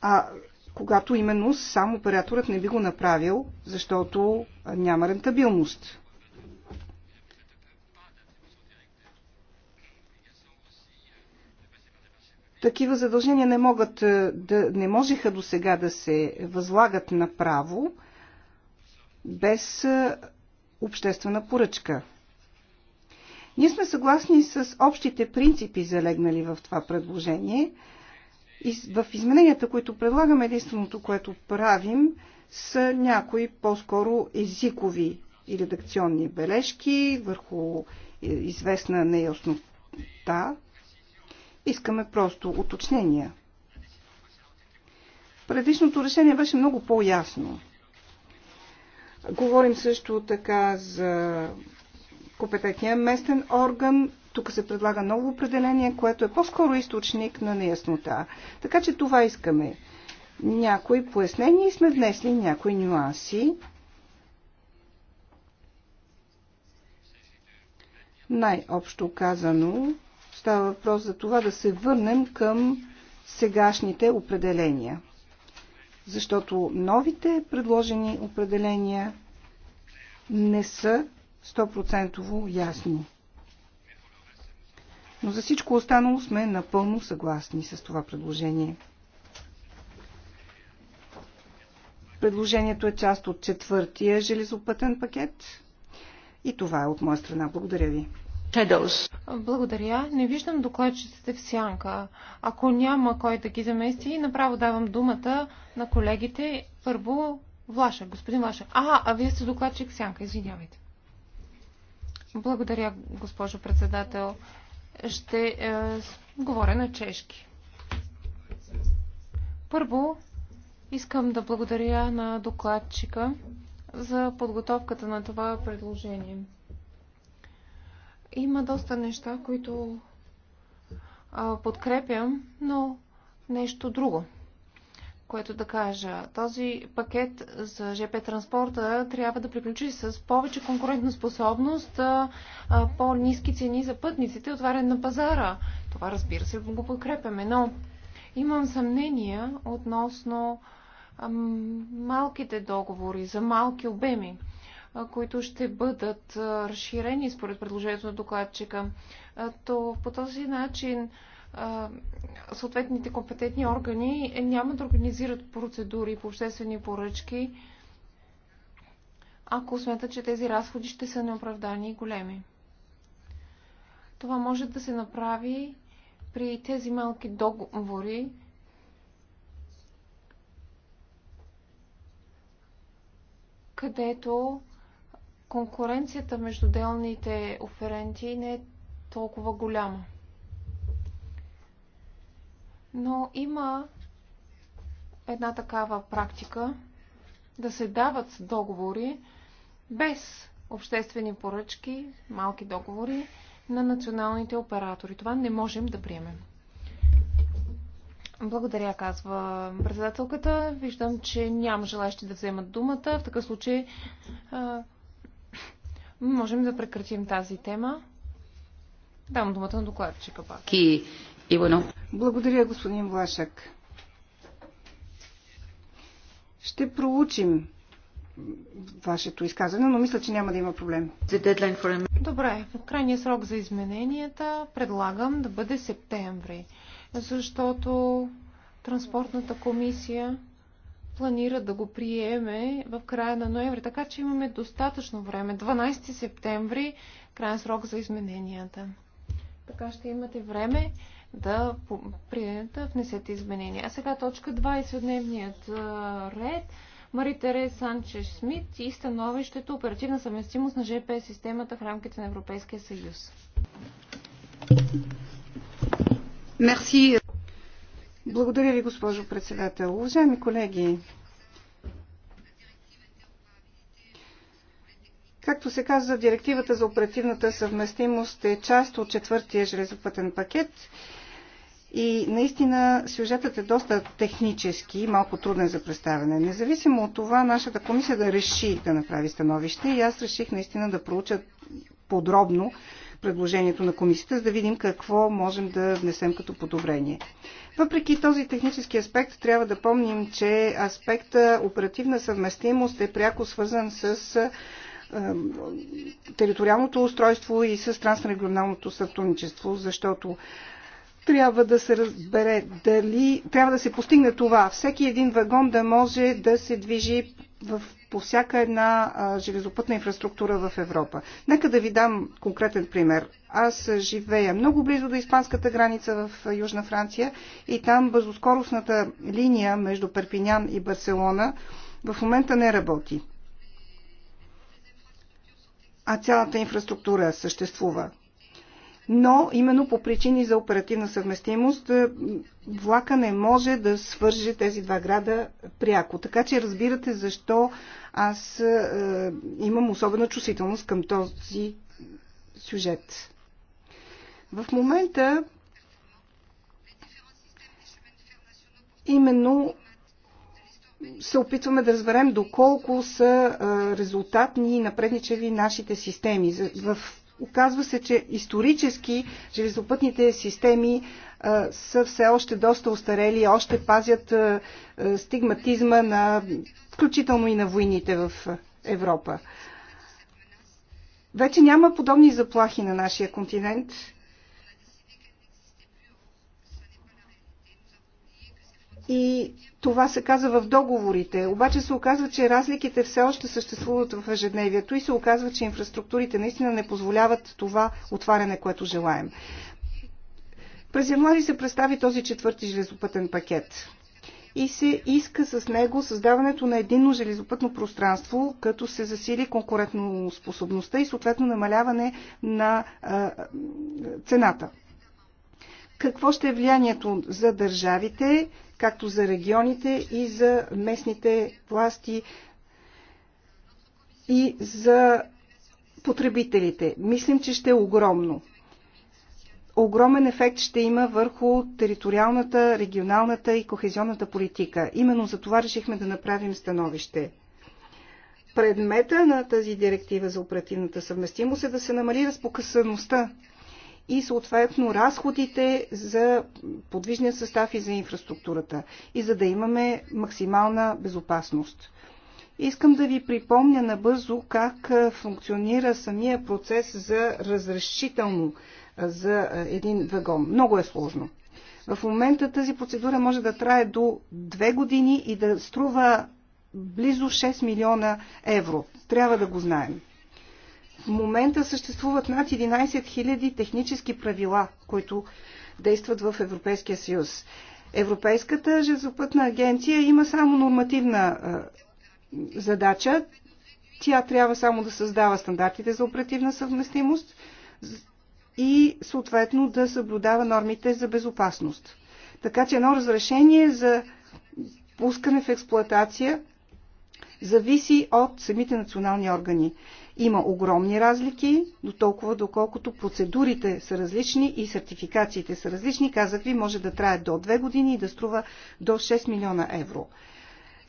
а когато именно сам операторът не би го направил, защото няма рентабилност. Такива задължения не, могат, е, да, не можеха до сега да се възлагат направо без е, обществена поръчка. Ние сме съгласни с общите принципи, залегнали в това предложение. В измененията, които предлагаме, единственото, което правим, са някои по-скоро езикови и редакционни бележки върху е, известна неяснота, Искаме просто уточнения. Предишното решение беше много по-ясно. Говорим също така за компетентния местен орган. Тук се предлага ново определение, което е по-скоро източник на неяснота. Така че това искаме. Някои пояснения и сме внесли някои нюанси. Най-общо казано, Става въпрос за това да се върнем към сегашните определения. Защото новите предложени определения не са 100% ясни. Но за всичко останало сме напълно съгласни с това предложение. Предложението е част от четвъртия железопътен пакет. И това е от моя страна. Благодаря ви. Shadows. Благодаря. Не виждам докладчиците в сянка. Ако няма кой да ги замести, направо давам думата на колегите. Първо Влаша, господин Влаша. А, а вие сте докладчик в сянка, извинявайте. Благодаря, госпожо председател. Ще е, говоря на чешки. Първо, искам да благодаря на докладчика за подготовката на това предложение. Има доста неща, които а, подкрепям, но нещо друго, което да кажа. Този пакет за ЖП транспорта трябва да приключи с повече конкурентоспособност, по-низки цени за пътниците, отварен на пазара. Това разбира се го подкрепяме, но имам съмнения относно малките договори за малки обеми които ще бъдат разширени според предложението на докладчика. То по този начин съответните компетентни органи няма да организират процедури по обществени поръчки, ако смятат, че тези разходи ще са неоправдани и големи. Това може да се направи при тези малки договори, където конкуренцията между делните оференти не е толкова голяма. Но има една такава практика да се дават договори без обществени поръчки, малки договори на националните оператори. Това не можем да приемем. Благодаря, казва председателката. Виждам, че няма желащи да вземат думата. В такъв случай можем да прекратим тази тема. Дам думата на докладчика пак. Ки, Ивано. Благодаря, господин Влашък. Ще проучим вашето изказване, но мисля, че няма да има проблем. Добре, в крайния срок за измененията предлагам да бъде септември, защото транспортната комисия планира да го приеме в края на ноември, така че имаме достатъчно време. 12 септември, крайен срок за измененията. Така ще имате време да, да внесете изменения. А сега точка 20 от дневният ред. Мари-Терес Санчеш Смит и становището оперативна съвместимост на ЖП системата в рамките на Европейския съюз. Мерси. Благодаря ви, госпожо председател. Уважаеми колеги, Както се казва, директивата за оперативната съвместимост е част от четвъртия железопътен пакет и наистина сюжетът е доста технически, и малко труден за представяне. Независимо от това, нашата комисия да реши да направи становище и аз реших наистина да проуча подробно предложението на комисията, за да видим какво можем да внесем като подобрение. Въпреки този технически аспект, трябва да помним, че аспекта оперативна съвместимост е пряко свързан с териториалното устройство и с трансрегионалното сътрудничество, защото трябва да се разбере дали трябва да се постигне това. Всеки един вагон да може да се движи в, по всяка една а, железопътна инфраструктура в Европа. Нека да ви дам конкретен пример. Аз живея много близо до испанската граница в Южна Франция и там бързоскоростната линия между Перпинян и Барселона в момента не работи. А цялата инфраструктура съществува но именно по причини за оперативна съвместимост е, влака не може да свърже тези два града пряко. Така че разбирате защо аз е, имам особена чувствителност към този сюжет. В момента именно се опитваме да разберем доколко са е, резултатни и напредничеви нашите системи. В оказва се, че исторически железопътните системи а, са все още доста устарели и още пазят а, а, стигматизма на, включително и на войните в Европа. Вече няма подобни заплахи на нашия континент и това се казва в договорите. Обаче се оказва, че разликите все още съществуват в ежедневието и се оказва, че инфраструктурите наистина не позволяват това отваряне, което желаем. През януари се представи този четвърти железопътен пакет и се иска с него създаването на единно железопътно пространство, като се засили способността и съответно намаляване на а, цената какво ще е влиянието за държавите, както за регионите и за местните власти и за потребителите. Мислим, че ще е огромно. Огромен ефект ще има върху териториалната, регионалната и кохезионната политика. Именно за това решихме да направим становище. Предмета на тази директива за оперативната съвместимост е да се намали разпокъсаността и съответно разходите за подвижния състав и за инфраструктурата и за да имаме максимална безопасност. Искам да ви припомня набързо как функционира самия процес за разрешително за един вагон. Много е сложно. В момента тази процедура може да трае до две години и да струва близо 6 милиона евро. Трябва да го знаем. В момента съществуват над 11 000 технически правила, които действат в Европейския съюз. Европейската железопътна агенция има само нормативна е, задача. Тя трябва само да създава стандартите за оперативна съвместимост и съответно да съблюдава нормите за безопасност. Така че едно разрешение за пускане в експлоатация зависи от самите национални органи. Има огромни разлики, до толкова доколкото процедурите са различни и сертификациите са различни. Казах ви, може да трае до 2 години и да струва до 6 милиона евро.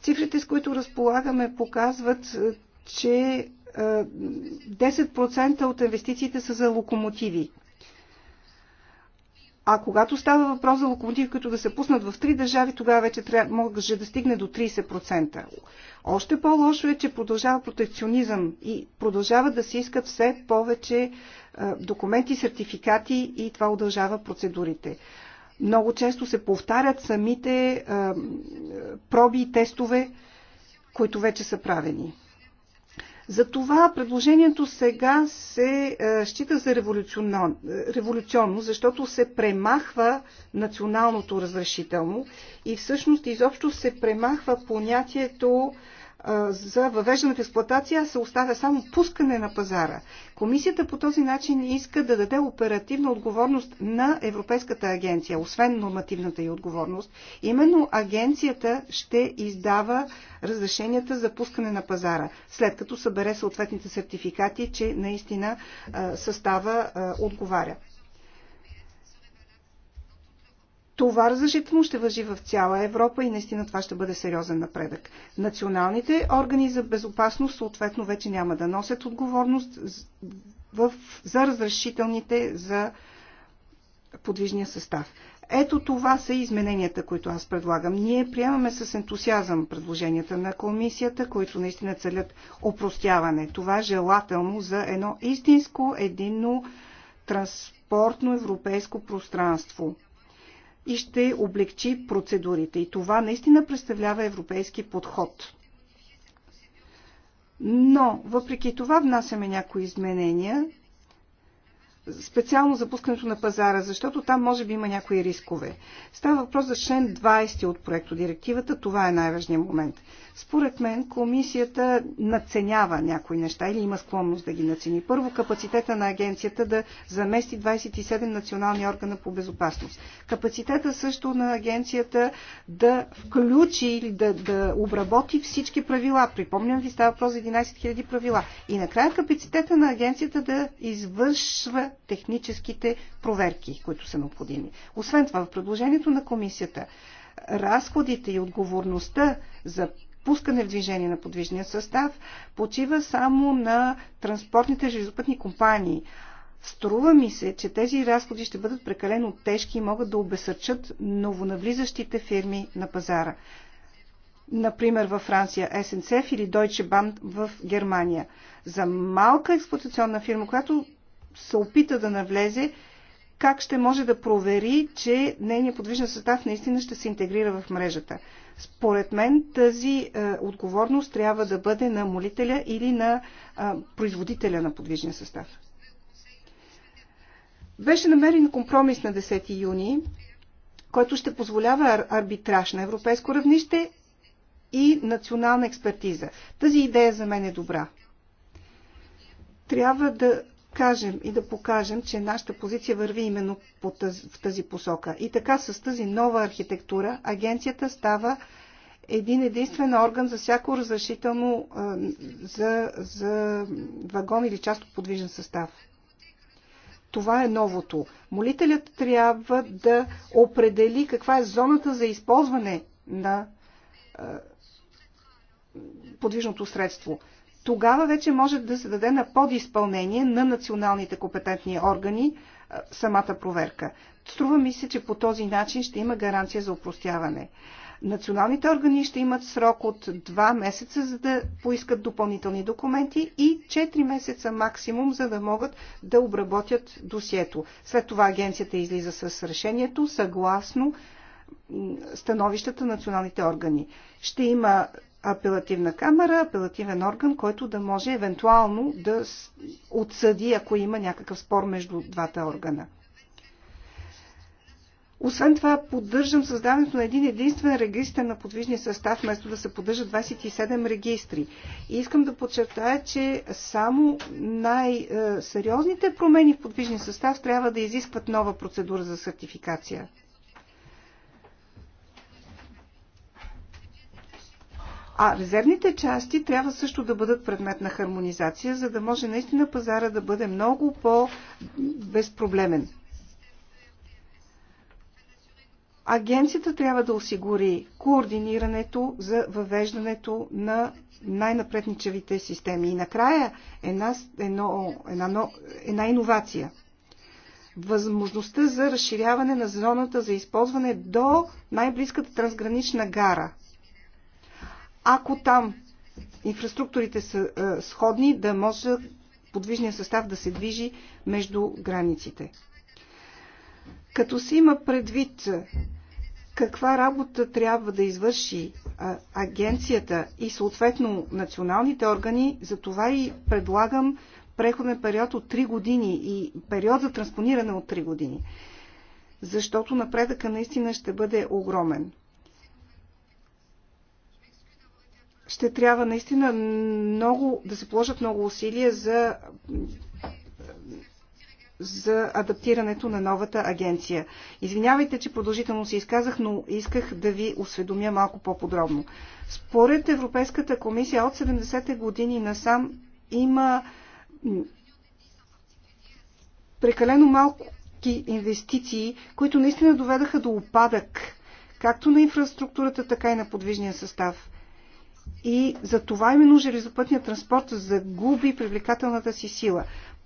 Цифрите, с които разполагаме, показват, е, че 10% е, от инвестициите са за локомотиви. А когато става въпрос за локомотиви, които да се пуснат в три държави, тогава вече трябва, може да стигне до 30%. Още по-лошо е, че продължава протекционизъм и продължава да се искат все повече е, документи, сертификати и това удължава процедурите. Много често се повтарят самите е, е, проби и тестове, които вече са правени. Затова предложението сега се е, счита за е, революционно, защото се премахва националното разрешително и всъщност изобщо се премахва понятието за въвеждане в експлоатация се оставя само пускане на пазара. Комисията по този начин иска да даде оперативна отговорност на Европейската агенция, освен нормативната и отговорност. Именно агенцията ще издава разрешенията за пускане на пазара, след като събере съответните сертификати, че наистина състава отговаря това разрешително ще въжи в цяла Европа и наистина това ще бъде сериозен напредък. Националните органи за безопасност съответно вече няма да носят отговорност в, за разрешителните за подвижния състав. Ето това са измененията, които аз предлагам. Ние приемаме с ентусиазъм предложенията на комисията, които наистина целят опростяване. Това е желателно за едно истинско, единно транспортно европейско пространство – и ще облегчи процедурите. И това наистина представлява европейски подход. Но, въпреки това, внасяме някои изменения, специално за пускането на пазара, защото там може би има някои рискове. Става въпрос за член 20 от проекто директивата. Това е най-важният момент. Според мен комисията надценява някои неща или има склонност да ги нацени. Първо, капацитета на агенцията да замести 27 национални органа по безопасност. Капацитета също на агенцията да включи или да, да обработи всички правила. Припомням ви, става въпрос за 11 000 правила. И накрая капацитета на агенцията да извършва техническите проверки, които са необходими. Освен това, в предложението на комисията, разходите и отговорността за пускане в движение на подвижния състав почива само на транспортните железопътни компании. Струва ми се, че тези разходи ще бъдат прекалено тежки и могат да обесърчат новонавлизащите фирми на пазара. Например, във Франция SNCF или Deutsche Bank в Германия. За малка експлуатационна фирма, която се опита да навлезе, как ще може да провери, че нейният подвижен състав наистина ще се интегрира в мрежата. Според мен тази е, отговорност трябва да бъде на молителя или на е, производителя на подвижния състав. Беше намерен компромис на 10 юни, който ще позволява арбитраж на европейско равнище и национална експертиза. Тази идея за мен е добра. Трябва да кажем и да покажем, че нашата позиция върви именно тази, в тази посока. И така с тази нова архитектура агенцията става един единствен орган за всяко разрешително е, за, за вагон или част от подвижен състав. Това е новото. Молителят трябва да определи каква е зоната за използване на е, подвижното средство тогава вече може да се даде на подизпълнение на националните компетентни органи самата проверка. Струва ми се, че по този начин ще има гаранция за упростяване. Националните органи ще имат срок от 2 месеца, за да поискат допълнителни документи и 4 месеца максимум, за да могат да обработят досието. След това агенцията излиза с решението, съгласно становищата на националните органи. Ще има апелативна камера, апелативен орган, който да може евентуално да отсъди, ако има някакъв спор между двата органа. Освен това, поддържам създаването на един единствен регистр на подвижния състав, вместо да се поддържат 27 регистри. И искам да подчертая, че само най-сериозните е, промени в подвижния състав трябва да изискват нова процедура за сертификация. А резервните части трябва също да бъдат предмет на хармонизация, за да може наистина пазара да бъде много по-безпроблемен. Агенцията трябва да осигури координирането за въвеждането на най-напредничавите системи. И накрая една, едно, една, една иновация. Възможността за разширяване на зоната за използване до най-близката трансгранична гара ако там инфраструктурите са а, е, сходни, да може подвижния състав да се движи между границите. Като се има предвид е, каква работа трябва да извърши а, е, агенцията и съответно националните органи, за това и предлагам преходен период от 3 години и период за транспониране от 3 години. Защото напредъка наистина ще бъде огромен. ще трябва наистина много, да се положат много усилия за, за адаптирането на новата агенция. Извинявайте, че продължително се изказах, но исках да ви осведомя малко по-подробно. Според Европейската комисия от 70-те години насам има прекалено малко инвестиции, които наистина доведаха до опадък както на инфраструктурата, така и на подвижния състав. И за това именно железопътният транспорт загуби привлекателната си сила.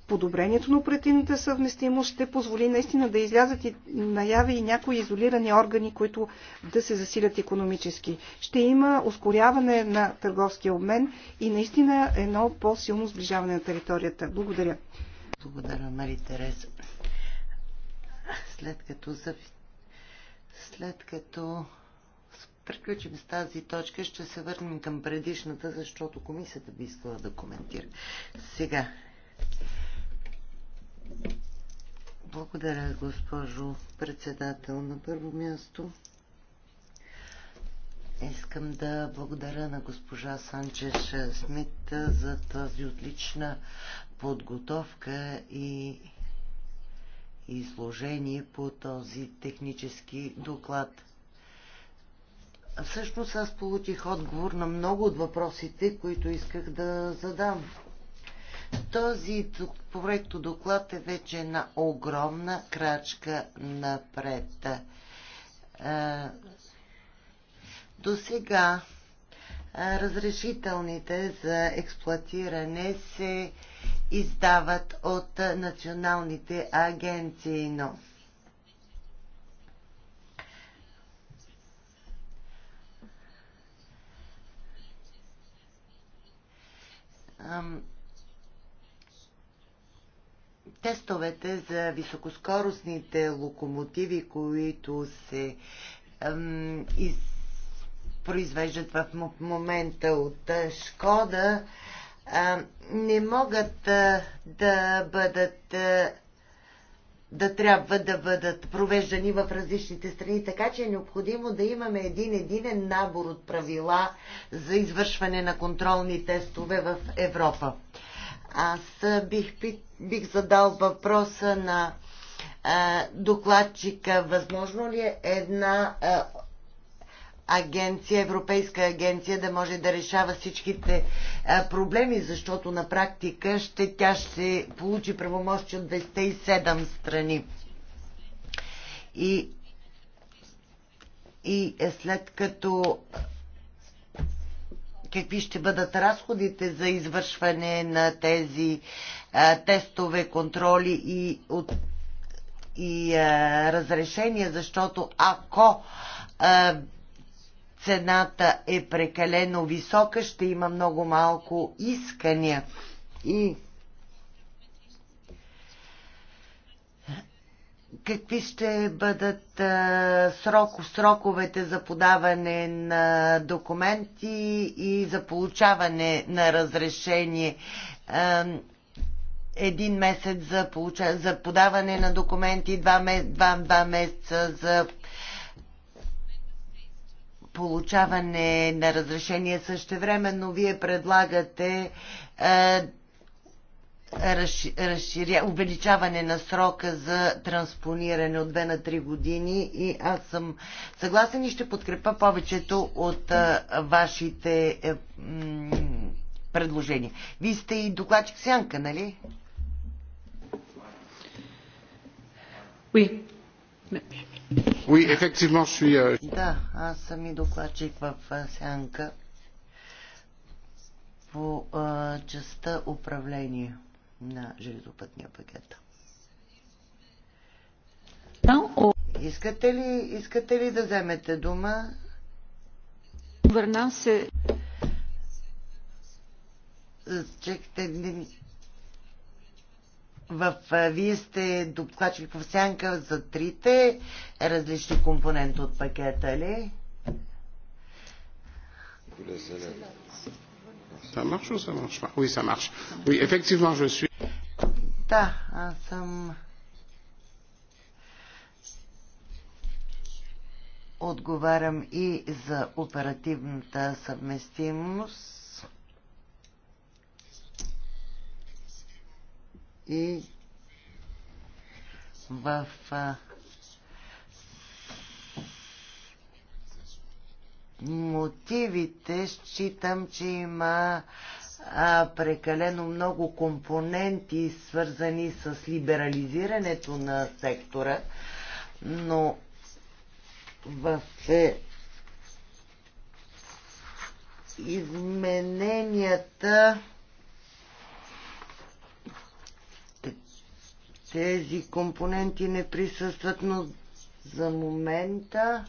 Подобрението на оперативната съвместимост ще позволи наистина да излязат и наяви и някои изолирани органи, които да се засилят економически. Ще има ускоряване на търговския обмен и наистина едно по-силно сближаване на територията. Благодаря. Благодаря, Мари Тереза. След като, след като приключим с тази точка, ще се върнем към предишната, защото комисията би искала да коментира. Сега. Благодаря, госпожо председател. На първо място искам да благодаря на госпожа Санчеш Смит за тази отлична подготовка и изложение по този технически доклад. Всъщност аз получих отговор на много от въпросите, които исках да задам. Този проекто доклад е вече на огромна крачка напред. Е, до сега е, разрешителните за експлуатиране се издават от националните агенции, но тестовете за високоскоростните локомотиви, които се ам, из, произвеждат в момента от Шкода, а, не могат а, да бъдат а, да трябва да бъдат провеждани в различните страни, така че е необходимо да имаме един единен набор от правила за извършване на контролни тестове в Европа. Аз бих, бих задал въпроса на докладчика, възможно ли е една агенция, европейска агенция да може да решава всичките проблеми, защото на практика ще, тя ще получи правомощи от 207 страни. И, и след като какви ще бъдат разходите за извършване на тези а, тестове, контроли и, от, и а, разрешения, защото ако а, цената е прекалено висока, ще има много малко искания. И какви ще бъдат а, срок, сроковете за подаване на документи и за получаване на разрешение. А, един месец за, получа, за подаване на документи, два, два, два месеца за получаване на разрешение същевременно вие предлагате е, разширя, увеличаване на срока за транспониране от 2 на 3 години и аз съм съгласен и ще подкрепа повечето от а, е, вашите е, предложения. Вие сте и докладчик Сянка, нали? Oui. Oui, effectivement, je suis... Euh, да, аз съм и докладчик в сянка по а, частта управление на железопътния пакет. Искате ли, искате ли да вземете дума? Върна се. Чекайте, в, вие сте докладчик в сянка за трите различни компоненти от пакета, ли? Ça marche ou ça marche pas Oui, ça marche. Oui, effectivement, je suis... Да, аз съм... Отговарям и за оперативната съвместимост и в а, мотивите считам, че има а, прекалено много компоненти, свързани с либерализирането на сектора, но в е, измененията Тези компоненти не присъстват, но за момента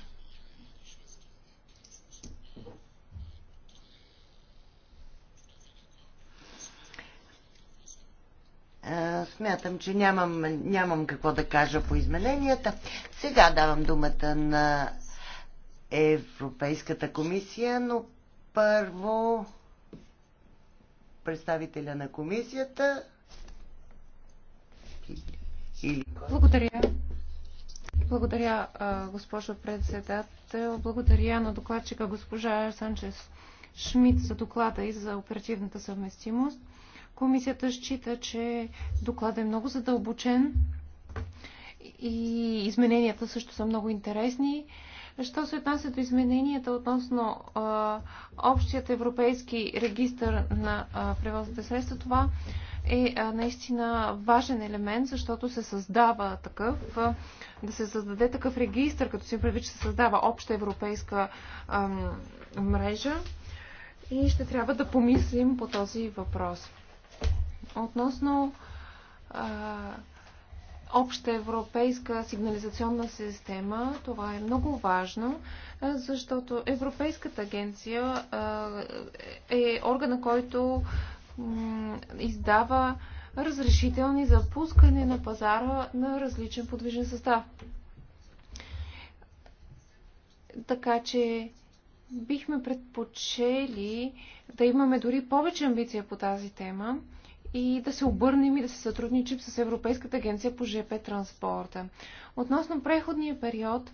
смятам, че нямам, нямам какво да кажа по измененията. Сега давам думата на Европейската комисия, но първо представителя на комисията или... Благодаря. Благодаря, госпожо председател. Благодаря на докладчика госпожа Санчес Шмидт за доклада и за оперативната съвместимост. Комисията счита, че докладът е много задълбочен и измененията също са много интересни. Що се отнася до измененията относно а, общият европейски регистр на превозните средства, това е наистина важен елемент, защото се създава такъв, да се създаде такъв регистр, като си прави, че се създава обща европейска мрежа и ще трябва да помислим по този въпрос. Относно а, обща европейска сигнализационна система. Това е много важно, защото Европейската агенция е органа, който издава разрешителни за пускане на пазара на различен подвижен състав. Така че бихме предпочели да имаме дори повече амбиция по тази тема и да се обърнем и да се сътрудничим с Европейската агенция по ЖП транспорта. Относно преходния период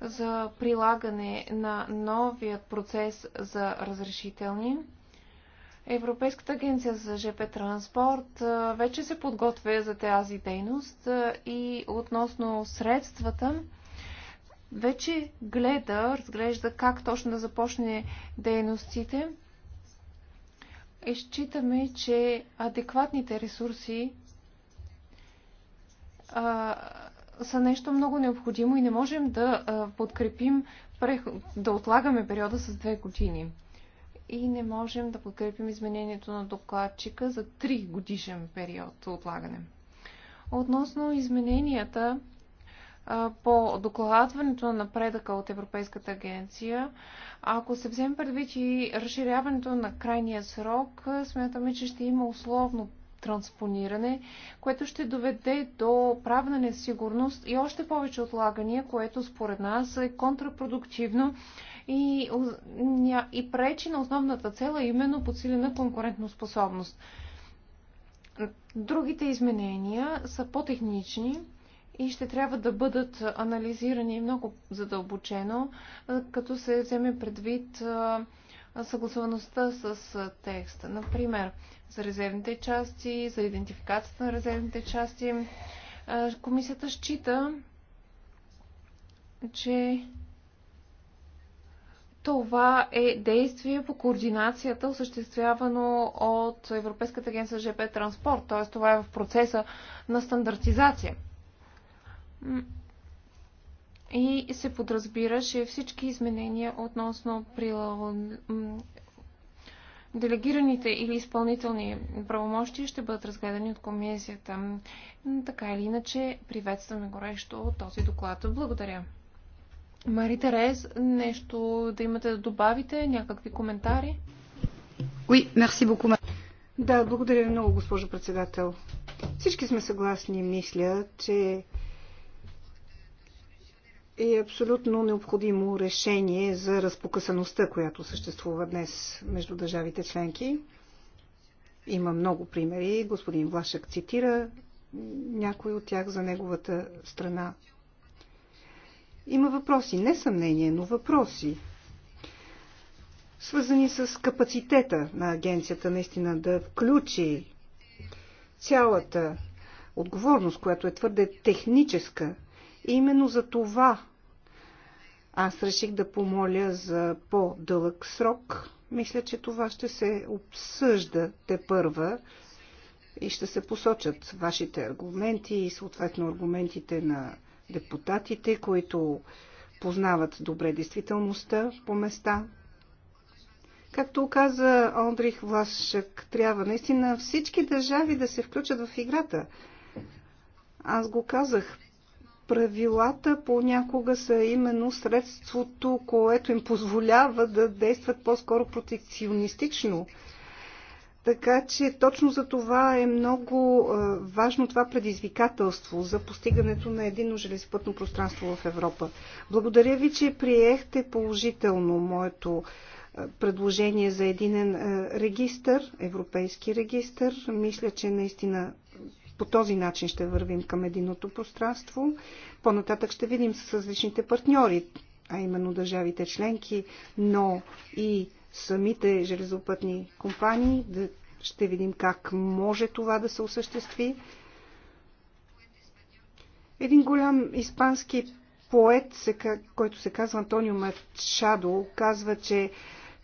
за прилагане на новият процес за разрешителни, Европейската агенция за ЖП транспорт вече се подготвя за тази дейност и относно средствата вече гледа, разглежда как точно да започне дейностите. И считаме, че адекватните ресурси а, са нещо много необходимо и не можем да а, подкрепим, да отлагаме периода с две години и не можем да подкрепим изменението на докладчика за 3 годишен период отлагане. Относно измененията по докладването на напредъка от Европейската агенция, ако се вземе предвид и разширяването на крайния срок, смятаме, че ще има условно транспониране, което ще доведе до правна несигурност и още повече отлагания, което според нас е контрапродуктивно и, и пречи на основната цела, именно подсилена конкурентоспособност. Другите изменения са по-технични и ще трябва да бъдат анализирани много задълбочено, като се вземе предвид съгласуваността с текста. Например, за резервните части, за идентификацията на резервните части. Комисията счита, че това е действие по координацията, осъществявано от Европейската агенция ЖП Транспорт, т.е. това е в процеса на стандартизация. И се подразбира, че всички изменения относно делегираните или изпълнителни правомощи ще бъдат разгледани от комисията. Така или иначе, приветстваме горещо този доклад. Благодаря. Мари Терез, нещо да имате да добавите, някакви коментари? Oui, merci beaucoup. Да, благодаря ви много, госпожо председател. Всички сме съгласни, мисля, че е абсолютно необходимо решение за разпокъсаността, която съществува днес между държавите членки. Има много примери. Господин Влашък цитира някой от тях за неговата страна има въпроси, не съмнение, но въпроси, свързани с капацитета на агенцията наистина да включи цялата отговорност, която е твърде техническа. И именно за това аз реших да помоля за по-дълъг срок. Мисля, че това ще се обсъжда те първа и ще се посочат вашите аргументи и съответно аргументите на депутатите, които познават добре действителността по места. Както каза Ондрих Влашък, трябва наистина всички държави да се включат в играта. Аз го казах. Правилата понякога са именно средството, което им позволява да действат по-скоро протекционистично така че точно за това е много важно това предизвикателство за постигането на едино железопътно пространство в Европа. Благодаря ви, че приехте положително моето предложение за единен регистър, европейски регистър. Мисля, че наистина по този начин ще вървим към единото пространство. По-нататък ще видим с различните партньори, а именно държавите членки, но и самите железопътни компании. Да ще видим как може това да се осъществи. Един голям испански поет, който се казва Антонио Мачадо, казва, че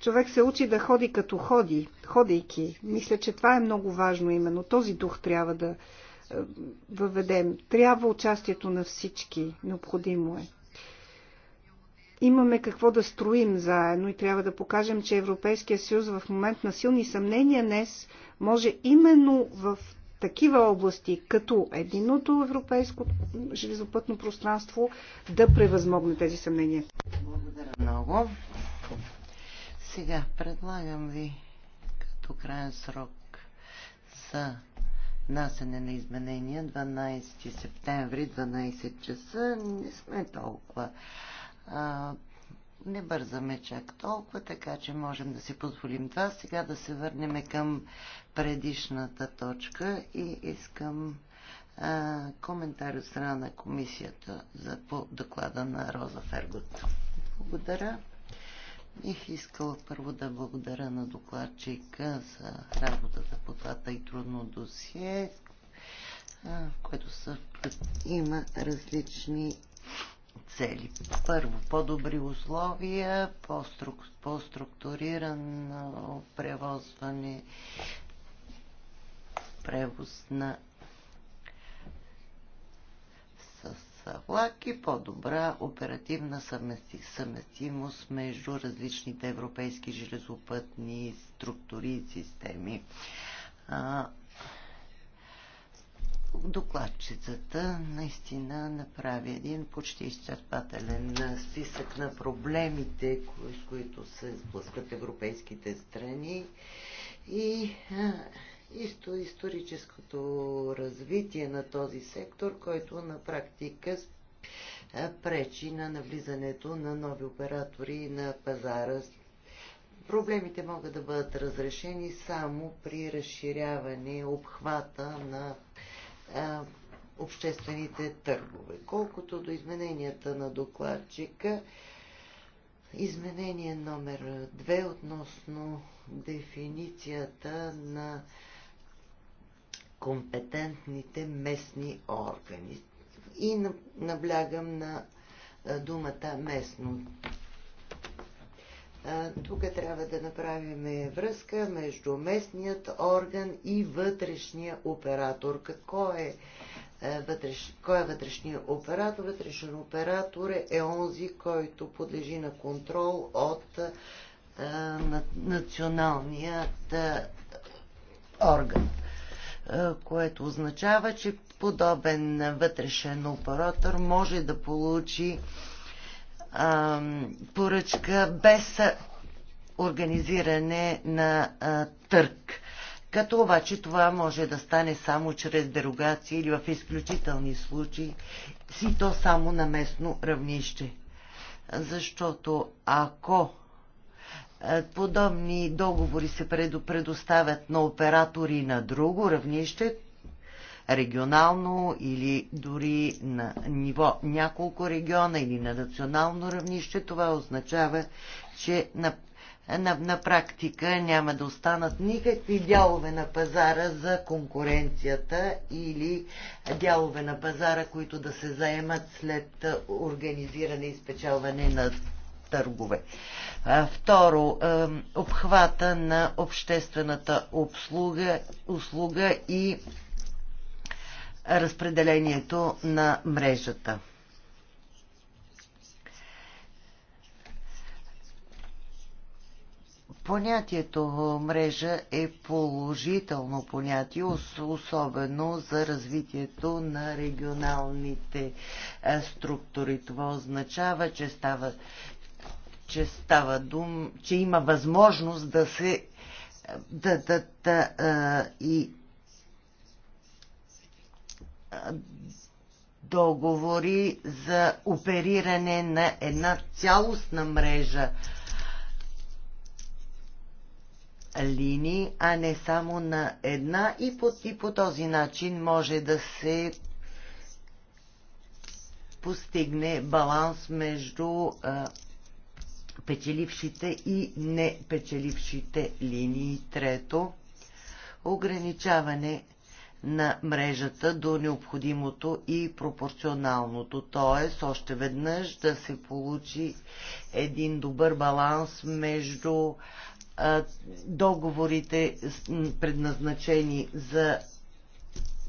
човек се учи да ходи като ходи, ходейки. Мисля, че това е много важно именно. Този дух трябва да е, въведем. Трябва участието на всички. Необходимо е имаме какво да строим заедно и трябва да покажем, че Европейския съюз в момент на силни съмнения днес може именно в такива области, като единното европейско железопътно пространство, да превъзмогне тези съмнения. Благодаря много. Сега предлагам ви като крайен срок за насене на изменения 12 септември, 12 часа. Не сме толкова не бързаме чак толкова, така че можем да си позволим това. Сега да се върнем към предишната точка и искам а, коментар от страна на комисията за по доклада на Роза Фергот. Благодаря. Бих искала първо да благодаря на докладчика за работата по това и трудно досие, в което са, има различни цели. Първо, по-добри условия, по-структурирано превозване, превоз на с и по-добра оперативна съвместимост между различните европейски железопътни структури и системи докладчицата наистина направи един почти изчерпателен списък на проблемите, с които се сблъскват европейските страни и исто историческото развитие на този сектор, който на практика пречи на навлизането на нови оператори на пазара. Проблемите могат да бъдат разрешени само при разширяване обхвата на а, обществените търгове. Колкото до измененията на докладчика, изменение номер 2 относно дефиницията на компетентните местни органи. И наблягам на думата местно. Тук трябва да направим връзка между местният орган и вътрешния оператор. Какво е, вътреш... Кой е вътрешния оператор? Вътрешен оператор е, е онзи, който подлежи на контрол от на, националният орган, което означава, че подобен вътрешен оператор може да получи а, а, поръчка без организиране на а, търг. Като обаче това може да стане само чрез дерогации или в изключителни случаи, си то само на местно равнище. Защото ако подобни договори се предоставят на оператори на друго равнище, регионално или дори на ниво няколко региона или на национално равнище, това означава, че на, на, на практика няма да останат никакви дялове на пазара за конкуренцията или дялове на пазара, които да се заемат след организиране и спечелване на търгове. Второ, обхвата на обществената обслуга, услуга и разпределението на мрежата. Понятието мрежа е положително понятие, особено за развитието на регионалните е, структури. Това означава, че става, че става дум, че има възможност да се е, да, да, да, е, и договори за опериране на една цялостна мрежа линии, а не само на една и по, и по този начин може да се постигне баланс между а, печелившите и непечелившите линии. Трето, ограничаване на мрежата до необходимото и пропорционалното. Т.е. още веднъж да се получи един добър баланс между договорите, предназначени за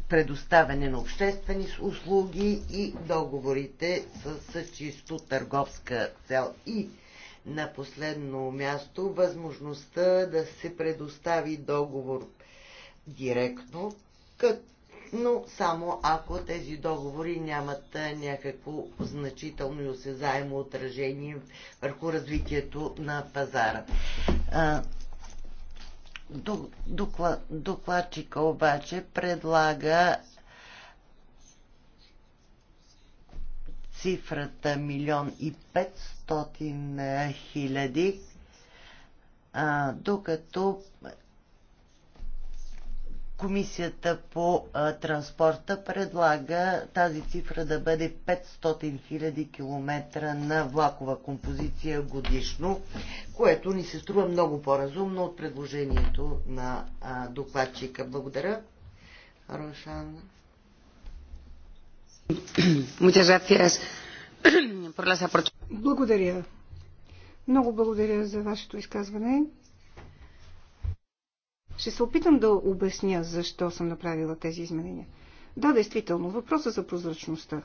предоставяне на обществени услуги и договорите с чисто търговска цел. И на последно място възможността да се предостави договор директно но само ако тези договори нямат някакво значително и осезаемо отражение върху развитието на пазара. Докладчика обаче предлага цифрата милион и 500 хиляди, докато Комисията по транспорта предлага тази цифра да бъде 500 000 км на влакова композиция годишно, което ни се струва много по-разумно от предложението на докладчика. Благодаря. Рошан. Благодаря. Много благодаря за вашето изказване. Ще се опитам да обясня защо съм направила тези изменения. Да, действително, въпроса за прозрачността.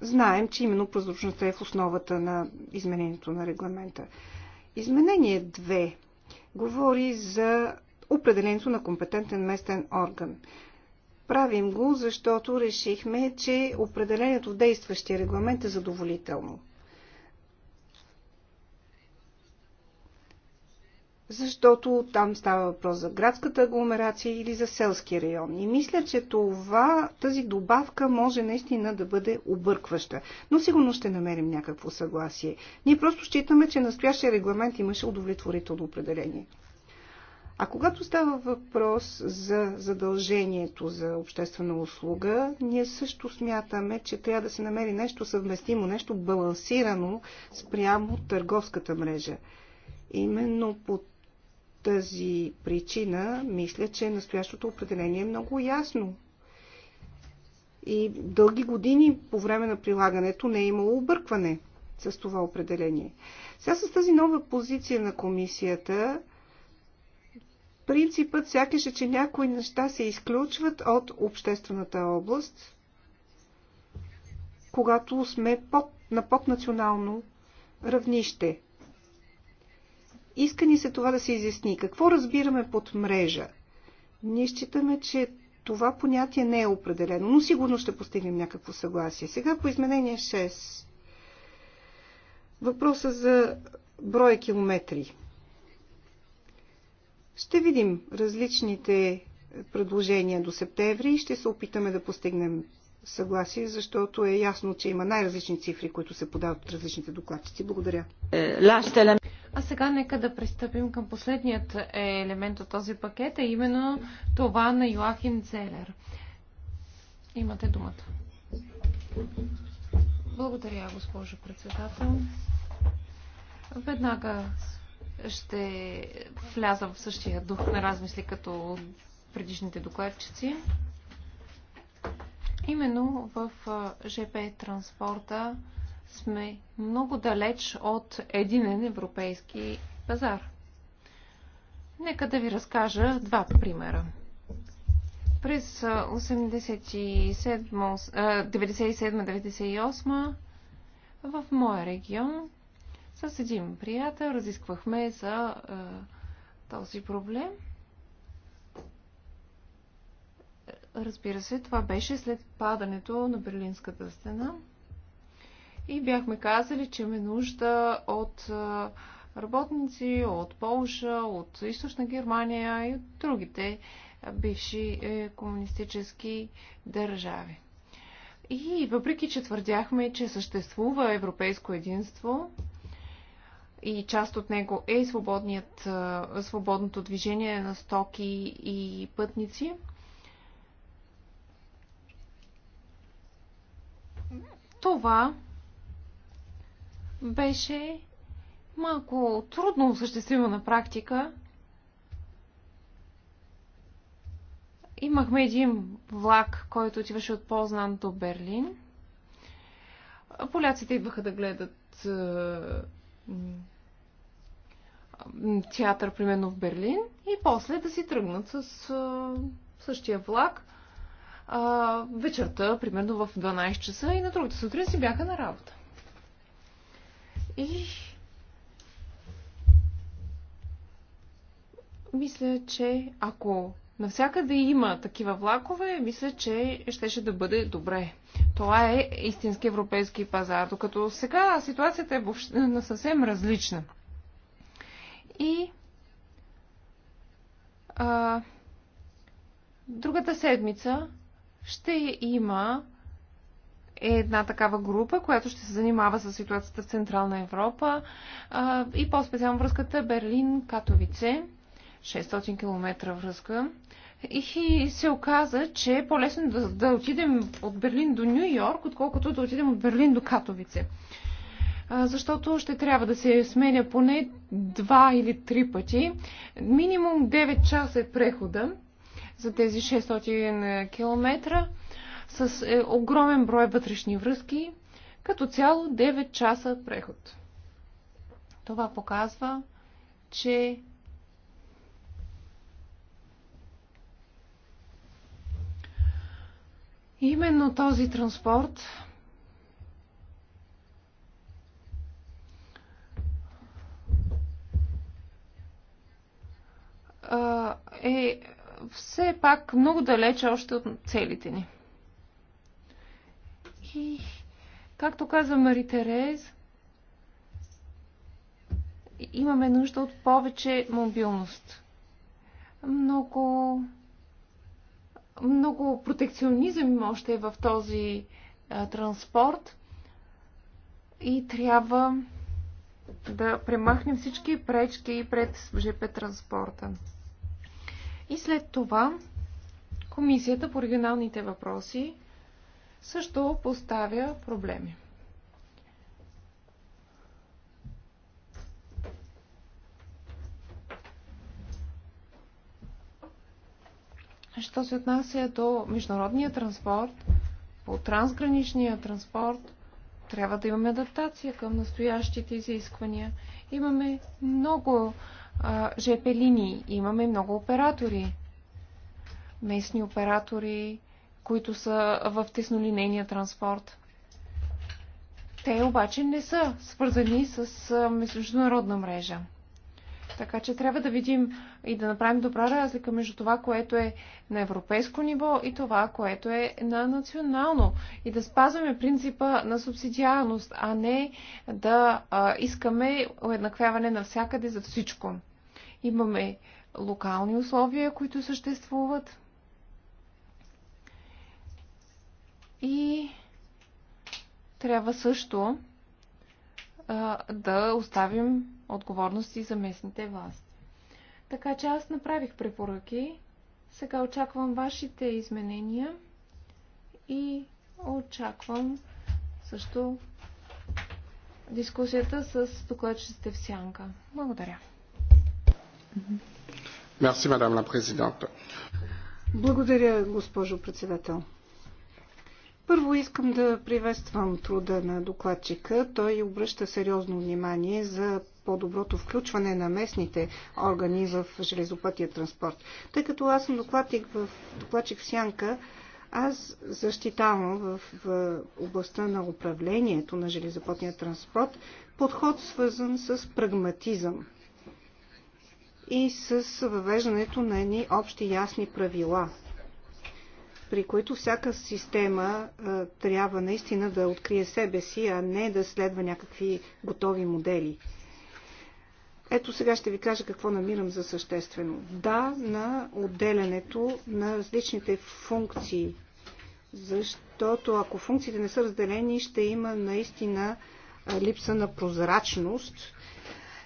Знаем, че именно прозрачността е в основата на изменението на регламента. Изменение 2 говори за определението на компетентен местен орган. Правим го, защото решихме, че определението в действащия регламент е задоволително. защото там става въпрос за градската агломерация или за селски район. И мисля, че това, тази добавка може наистина да бъде объркваща. Но сигурно ще намерим някакво съгласие. Ние просто считаме, че настоящия регламент имаше удовлетворително определение. А когато става въпрос за задължението за обществена услуга, ние също смятаме, че трябва да се намери нещо съвместимо, нещо балансирано спрямо търговската мрежа. Именно по тази причина, мисля, че настоящото определение е много ясно. И дълги години по време на прилагането не е имало объркване с това определение. Сега с тази нова позиция на комисията, принципът сякаш е, че някои неща се изключват от обществената област, когато сме под, на поднационално равнище. Иска ни се това да се изясни. Какво разбираме под мрежа? Ние считаме, че това понятие не е определено, но сигурно ще постигнем някакво съгласие. Сега по изменение 6. Въпроса за броя километри. Ще видим различните предложения до септември и ще се опитаме да постигнем съгласие, защото е ясно, че има най-различни цифри, които се подават от различните докладчици. Благодаря. Е, а сега нека да пристъпим към последният е, елемент от този пакет, а именно това на Йоахин Целер. Имате думата. Благодаря, госпожо председател. Веднага ще вляза в същия дух на размисли като предишните докладчици. Именно в ЖП транспорта сме много далеч от единен европейски пазар. Нека да ви разкажа два примера. През 97-98 в моя регион с един приятел разисквахме за този проблем – Разбира се, това беше след падането на Берлинската стена. И бяхме казали, че ме нужда от работници от Полша, от Източна Германия и от другите бивши е, комунистически държави. И въпреки, че твърдяхме, че съществува европейско единство и част от него е свободното движение на стоки и пътници, Това беше малко трудно осъществима на практика. Имахме един влак, който отиваше от Познан до Берлин. Поляците идваха да гледат е, театър, примерно в Берлин, и после да си тръгнат с е, същия влак а, вечерта, примерно в 12 часа и на другата сутрин си бяха на работа. И мисля, че ако навсякъде има такива влакове, мисля, че щеше да бъде добре. Това е истински европейски пазар, докато сега ситуацията е на съвсем различна. И а, другата седмица ще има една такава група, която ще се занимава с ситуацията в Централна Европа а, и по-специално връзката Берлин-Катовице, 600 км връзка. И се оказа, че е по-лесно да, да отидем от Берлин до Нью Йорк, отколкото да отидем от Берлин до Катовице. А, защото ще трябва да се сменя поне два или три пъти. Минимум 9 часа е прехода за тези 600 е, км с е, огромен брой вътрешни връзки, като цяло 9 часа преход. Това показва, че именно този транспорт е все пак много далече още от целите ни. И, както каза Мари Терез, имаме нужда от повече мобилност. Много, много протекционизъм има още в този а, транспорт и трябва да премахнем всички пречки пред ЖП транспорта. И след това Комисията по регионалните въпроси също поставя проблеми. Що се отнася до международния транспорт, по трансграничния транспорт, трябва да имаме адаптация към настоящите изисквания. Имаме много ЖП линии. Имаме много оператори. Местни оператори, които са в теснолинейния транспорт. Те обаче не са свързани с международна мрежа. Така че трябва да видим и да направим добра разлика между това, което е на европейско ниво и това, което е на национално. И да спазваме принципа на субсидиарност, а не да а, искаме уеднаквяване навсякъде за всичко. Имаме локални условия, които съществуват. И трябва също а, да оставим отговорности за местните власти. Така че аз направих препоръки. Сега очаквам вашите изменения и очаквам също дискусията с докладчиците в сянка. Благодаря. Благодаря, госпожо председател. Първо искам да приветствам труда на докладчика. Той обръща сериозно внимание за по-доброто включване на местните органи в железопътия транспорт. Тъй като аз съм докладчик в, докладчик в Сянка, аз защитавам в, в областта на управлението на железопътния транспорт подход свързан с прагматизъм и с въвеждането на едни общи ясни правила, при които всяка система а, трябва наистина да открие себе си, а не да следва някакви готови модели. Ето сега ще ви кажа какво намирам за съществено. Да, на отделянето на различните функции, защото ако функциите не са разделени, ще има наистина липса на прозрачност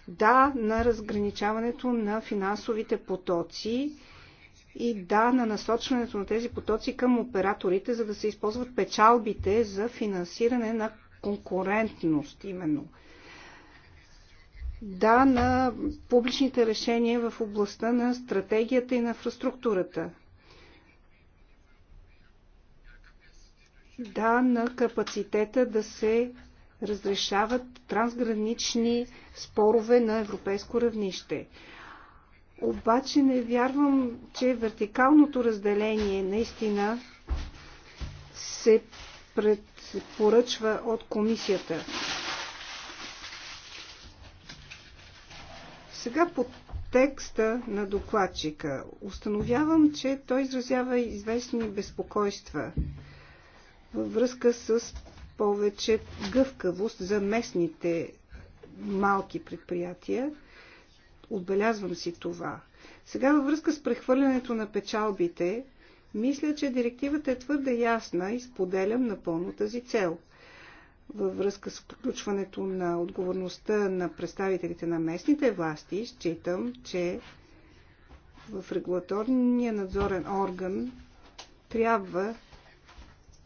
да на разграничаването на финансовите потоци и да на насочването на тези потоци към операторите, за да се използват печалбите за финансиране на конкурентност именно. Да на публичните решения в областта на стратегията и на инфраструктурата. Да на капацитета да се разрешават трансгранични спорове на европейско равнище. Обаче не вярвам, че вертикалното разделение наистина се предпоръчва от комисията. Сега по текста на докладчика установявам, че той изразява известни безпокойства във връзка с повече гъвкавост за местните малки предприятия. Отбелязвам си това. Сега във връзка с прехвърлянето на печалбите, мисля, че директивата е твърде ясна и споделям напълно тази цел. Във връзка с включването на отговорността на представителите на местните власти, считам, че в регулаторния надзорен орган трябва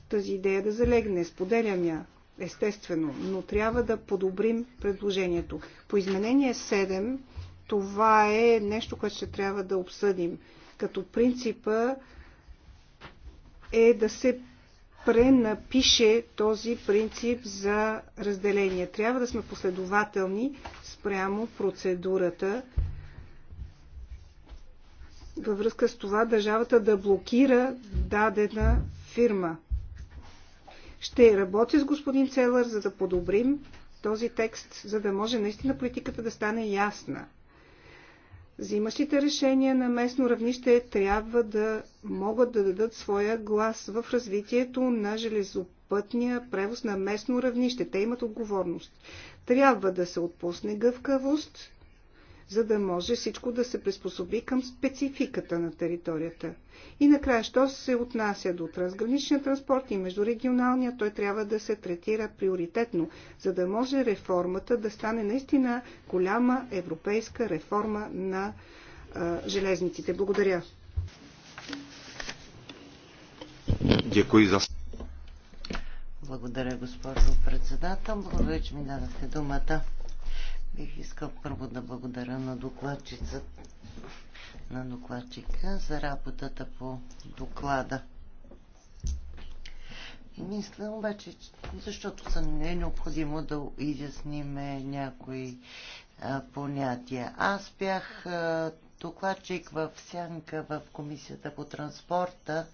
тази идея да залегне. Споделям я, естествено, но трябва да подобрим предложението. По изменение 7 това е нещо, което ще трябва да обсъдим. Като принципа е да се пренапише този принцип за разделение. Трябва да сме последователни спрямо процедурата във връзка с това държавата да блокира дадена фирма. Ще работя с господин Целър, за да подобрим този текст, за да може наистина политиката да стане ясна. Взимащите решения на местно равнище трябва да могат да дадат своя глас в развитието на железопътния превоз на местно равнище. Те имат отговорност. Трябва да се отпусне гъвкавост за да може всичко да се приспособи към спецификата на територията. И накрая, що се отнася до трансграничния транспорт и междурегионалния, той трябва да се третира приоритетно, за да може реформата да стане наистина голяма европейска реформа на а, железниците. Благодаря. Благодаря, госпожо председател. Благодаря, че ми дадахте думата. Бих искал първо да благодаря на докладчица, на докладчика за работата по доклада. И мисля обаче, защото са не е необходимо да изясниме някои а, понятия. Аз бях а, докладчик в Сянка в Комисията по транспорта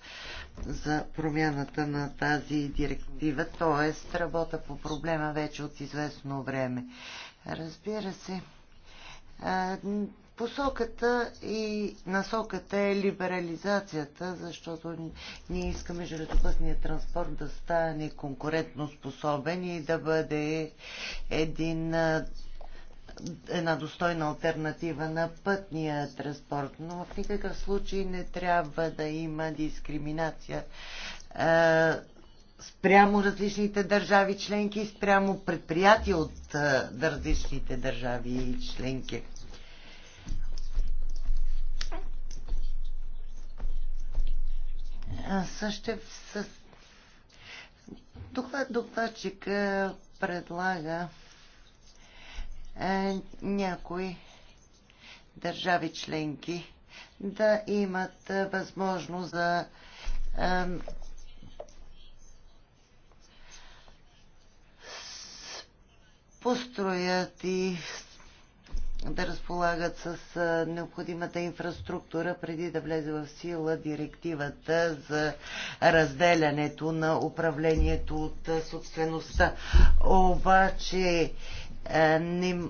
за промяната на тази директива, т.е. работа по проблема вече от известно време. Разбира се. Посоката и насоката е либерализацията, защото ние искаме железопътния транспорт да стане конкурентно способен и да бъде един, една достойна альтернатива на пътния транспорт. Но в никакъв случай не трябва да има дискриминация спрямо различните държави членки, спрямо предприятия от е, различните държави членки. Също е с... Доклад, докладчик предлага е, някои държави членки да имат е, възможност за построят и да разполагат с необходимата инфраструктура преди да влезе в сила директивата за разделянето на управлението от собствеността. Обаче не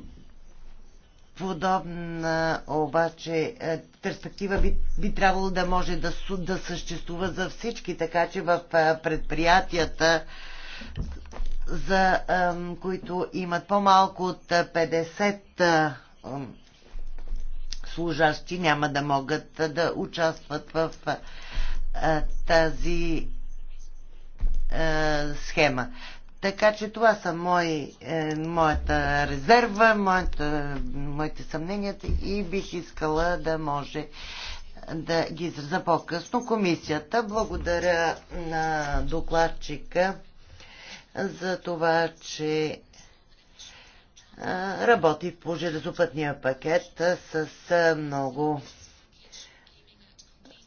подобна обаче перспектива би, би трябвало да може да, да съществува за всички, така че в предприятията за, които имат по-малко от 50 служащи, няма да могат да участват в тази схема. Така че това са мои, е, моята резерва, моята, моите съмнения и бих искала да може да ги израза по-късно комисията. Благодаря на докладчика за това, че работи по железопътния пакет с много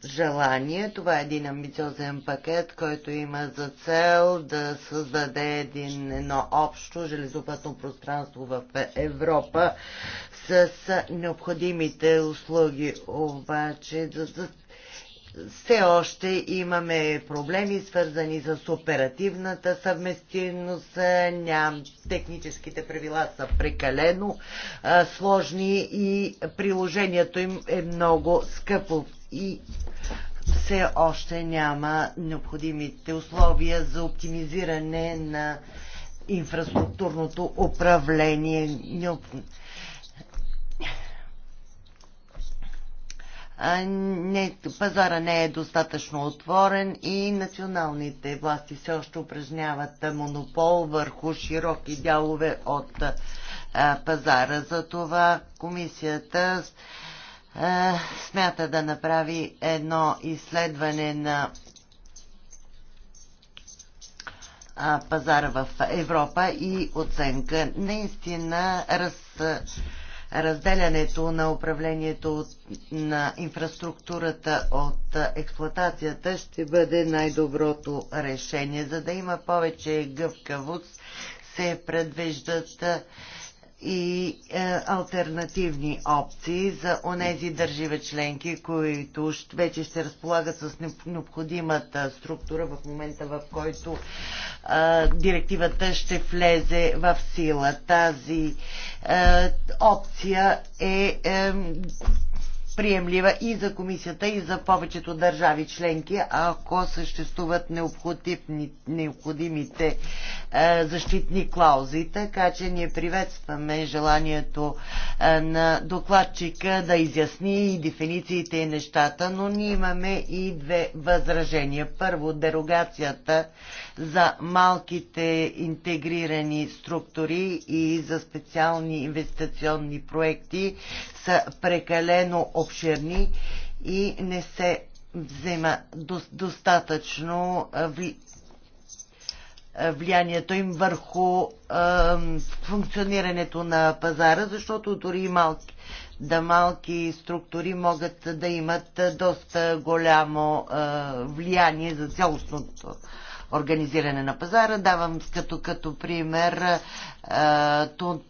желание. Това е един амбициозен пакет, който има за цел да създаде един, едно общо железопътно пространство в Европа с необходимите услуги. Обаче за, за все още имаме проблеми, свързани с оперативната съвместимост. Ням, техническите правила са прекалено а, сложни и приложението им е много скъпо и все още няма необходимите условия за оптимизиране на инфраструктурното управление. не, пазара не е достатъчно отворен и националните власти все още упражняват монопол върху широки дялове от а, пазара. Затова комисията а, смята да направи едно изследване на пазара в Европа и оценка. Наистина раз разделянето на управлението на инфраструктурата от експлоатацията ще бъде най-доброто решение. За да има повече гъвкавост, се предвиждат и е, альтернативни опции за онези държиви членки, които вече ще разполагат с необходимата структура в момента, в който е, директивата ще влезе в сила. Тази е, опция е, е приемлива и за комисията, и за повечето държави членки, ако съществуват необходимите е, защитни клаузи. Така че ние приветстваме желанието е, на докладчика да изясни и дефинициите и нещата, но ние имаме и две възражения. Първо, дерогацията за малките интегрирани структури и за специални инвестиционни проекти са прекалено обширни и не се взема достатъчно влиянието им върху функционирането на пазара, защото дори малки, да малки структури могат да имат доста голямо влияние за цялостното организиране на пазара. Давам като, като пример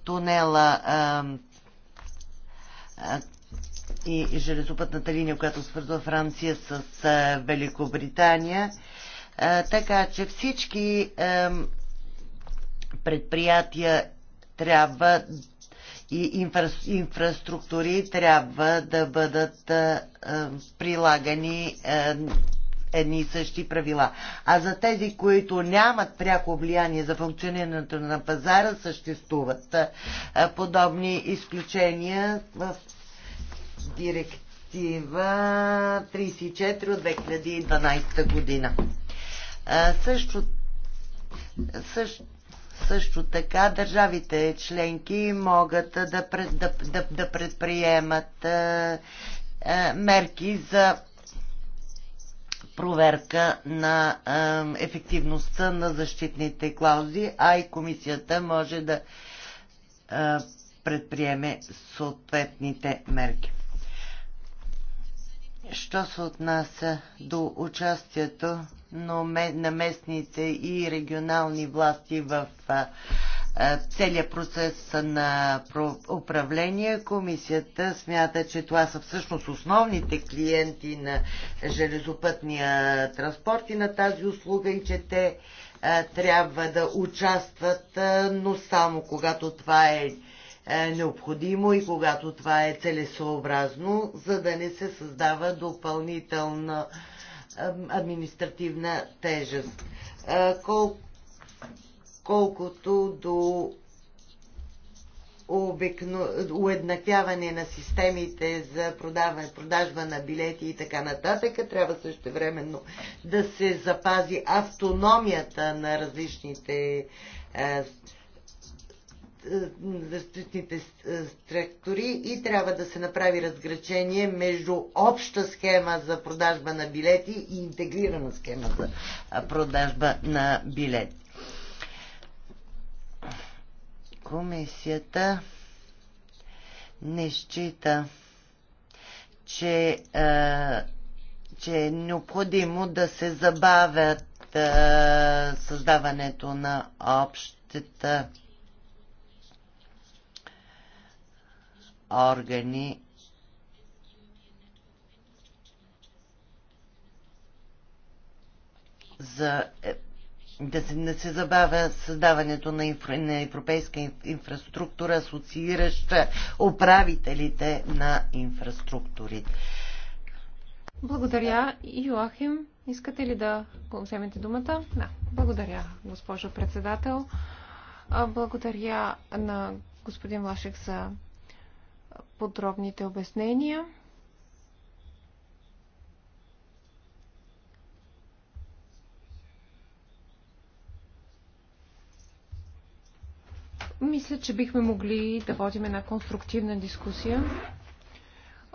тунела и железопътната линия, която свързва Франция с Великобритания. Така че всички предприятия трябва и инфра, инфраструктури трябва да бъдат а, а, прилагани а, едни и същи правила. А за тези, които нямат пряко влияние за функционирането на пазара, съществуват а, подобни изключения в директива 34 от 2012 година. А, също, също също така държавите членки могат да, да, да, да предприемат а, а, мерки за проверка на а, ефективността на защитните клаузи, а и комисията може да а, предприеме съответните мерки. Що се отнася до участието на местните и регионални власти в целият процес на управление. Комисията смята, че това са всъщност основните клиенти на железопътния транспорт и на тази услуга и че те трябва да участват, но само когато това е е, необходимо и когато това е целесообразно, за да не се създава допълнителна е, административна тежест. Е, кол... Колкото до обикно... уеднаквяване на системите за продаване, продажба на билети и така нататък, трябва също да се запази автономията на различните е, защитните е, структури и трябва да се направи разграчение между обща схема за продажба на билети и интегрирана схема за е, продажба на билети. Комисията не счита, че, е, че е необходимо да се забавят създаването на общата органи за е, да се, не се забавя създаването на, инфра, на европейска инфраструктура, асоциираща управителите на инфраструктури. Благодаря. Йоахим, искате ли да вземете думата? Да. Благодаря, госпожо председател. Благодаря на господин Лашек за подробните обяснения. Мисля, че бихме могли да водим една конструктивна дискусия.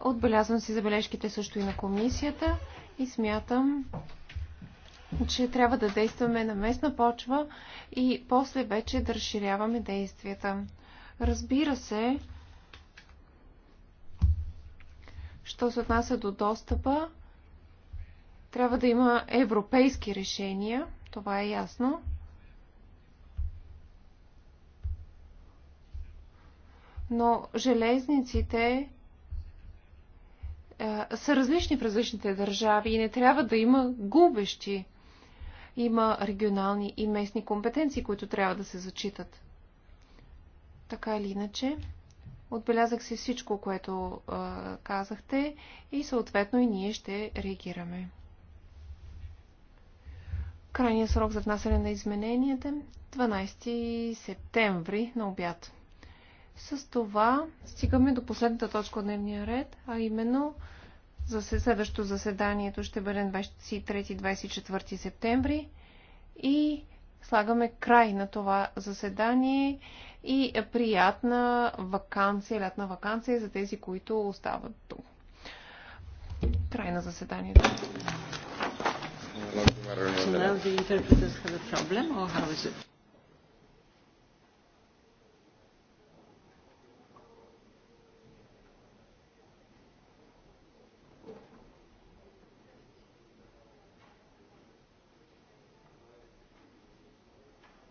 Отбелязвам си забележките също и на комисията и смятам, че трябва да действаме на местна почва и после вече да разширяваме действията. Разбира се, Що се отнася до достъпа, трябва да има европейски решения, това е ясно. Но железниците е, са различни в различните държави и не трябва да има губещи. Има регионални и местни компетенции, които трябва да се зачитат. Така или иначе. Отбелязах си всичко, което а, казахте и съответно и ние ще реагираме. Крайният срок за внасяне на измененията 12 септември на обяд. С това стигаме до последната точка от дневния ред, а именно за следващото заседанието ще бъде 23-24 септември и слагаме край на това заседание и приятна вакансия, лятна вакансия за тези, които остават тук. Край на заседанието. So now the interpreters have a problem or how is it?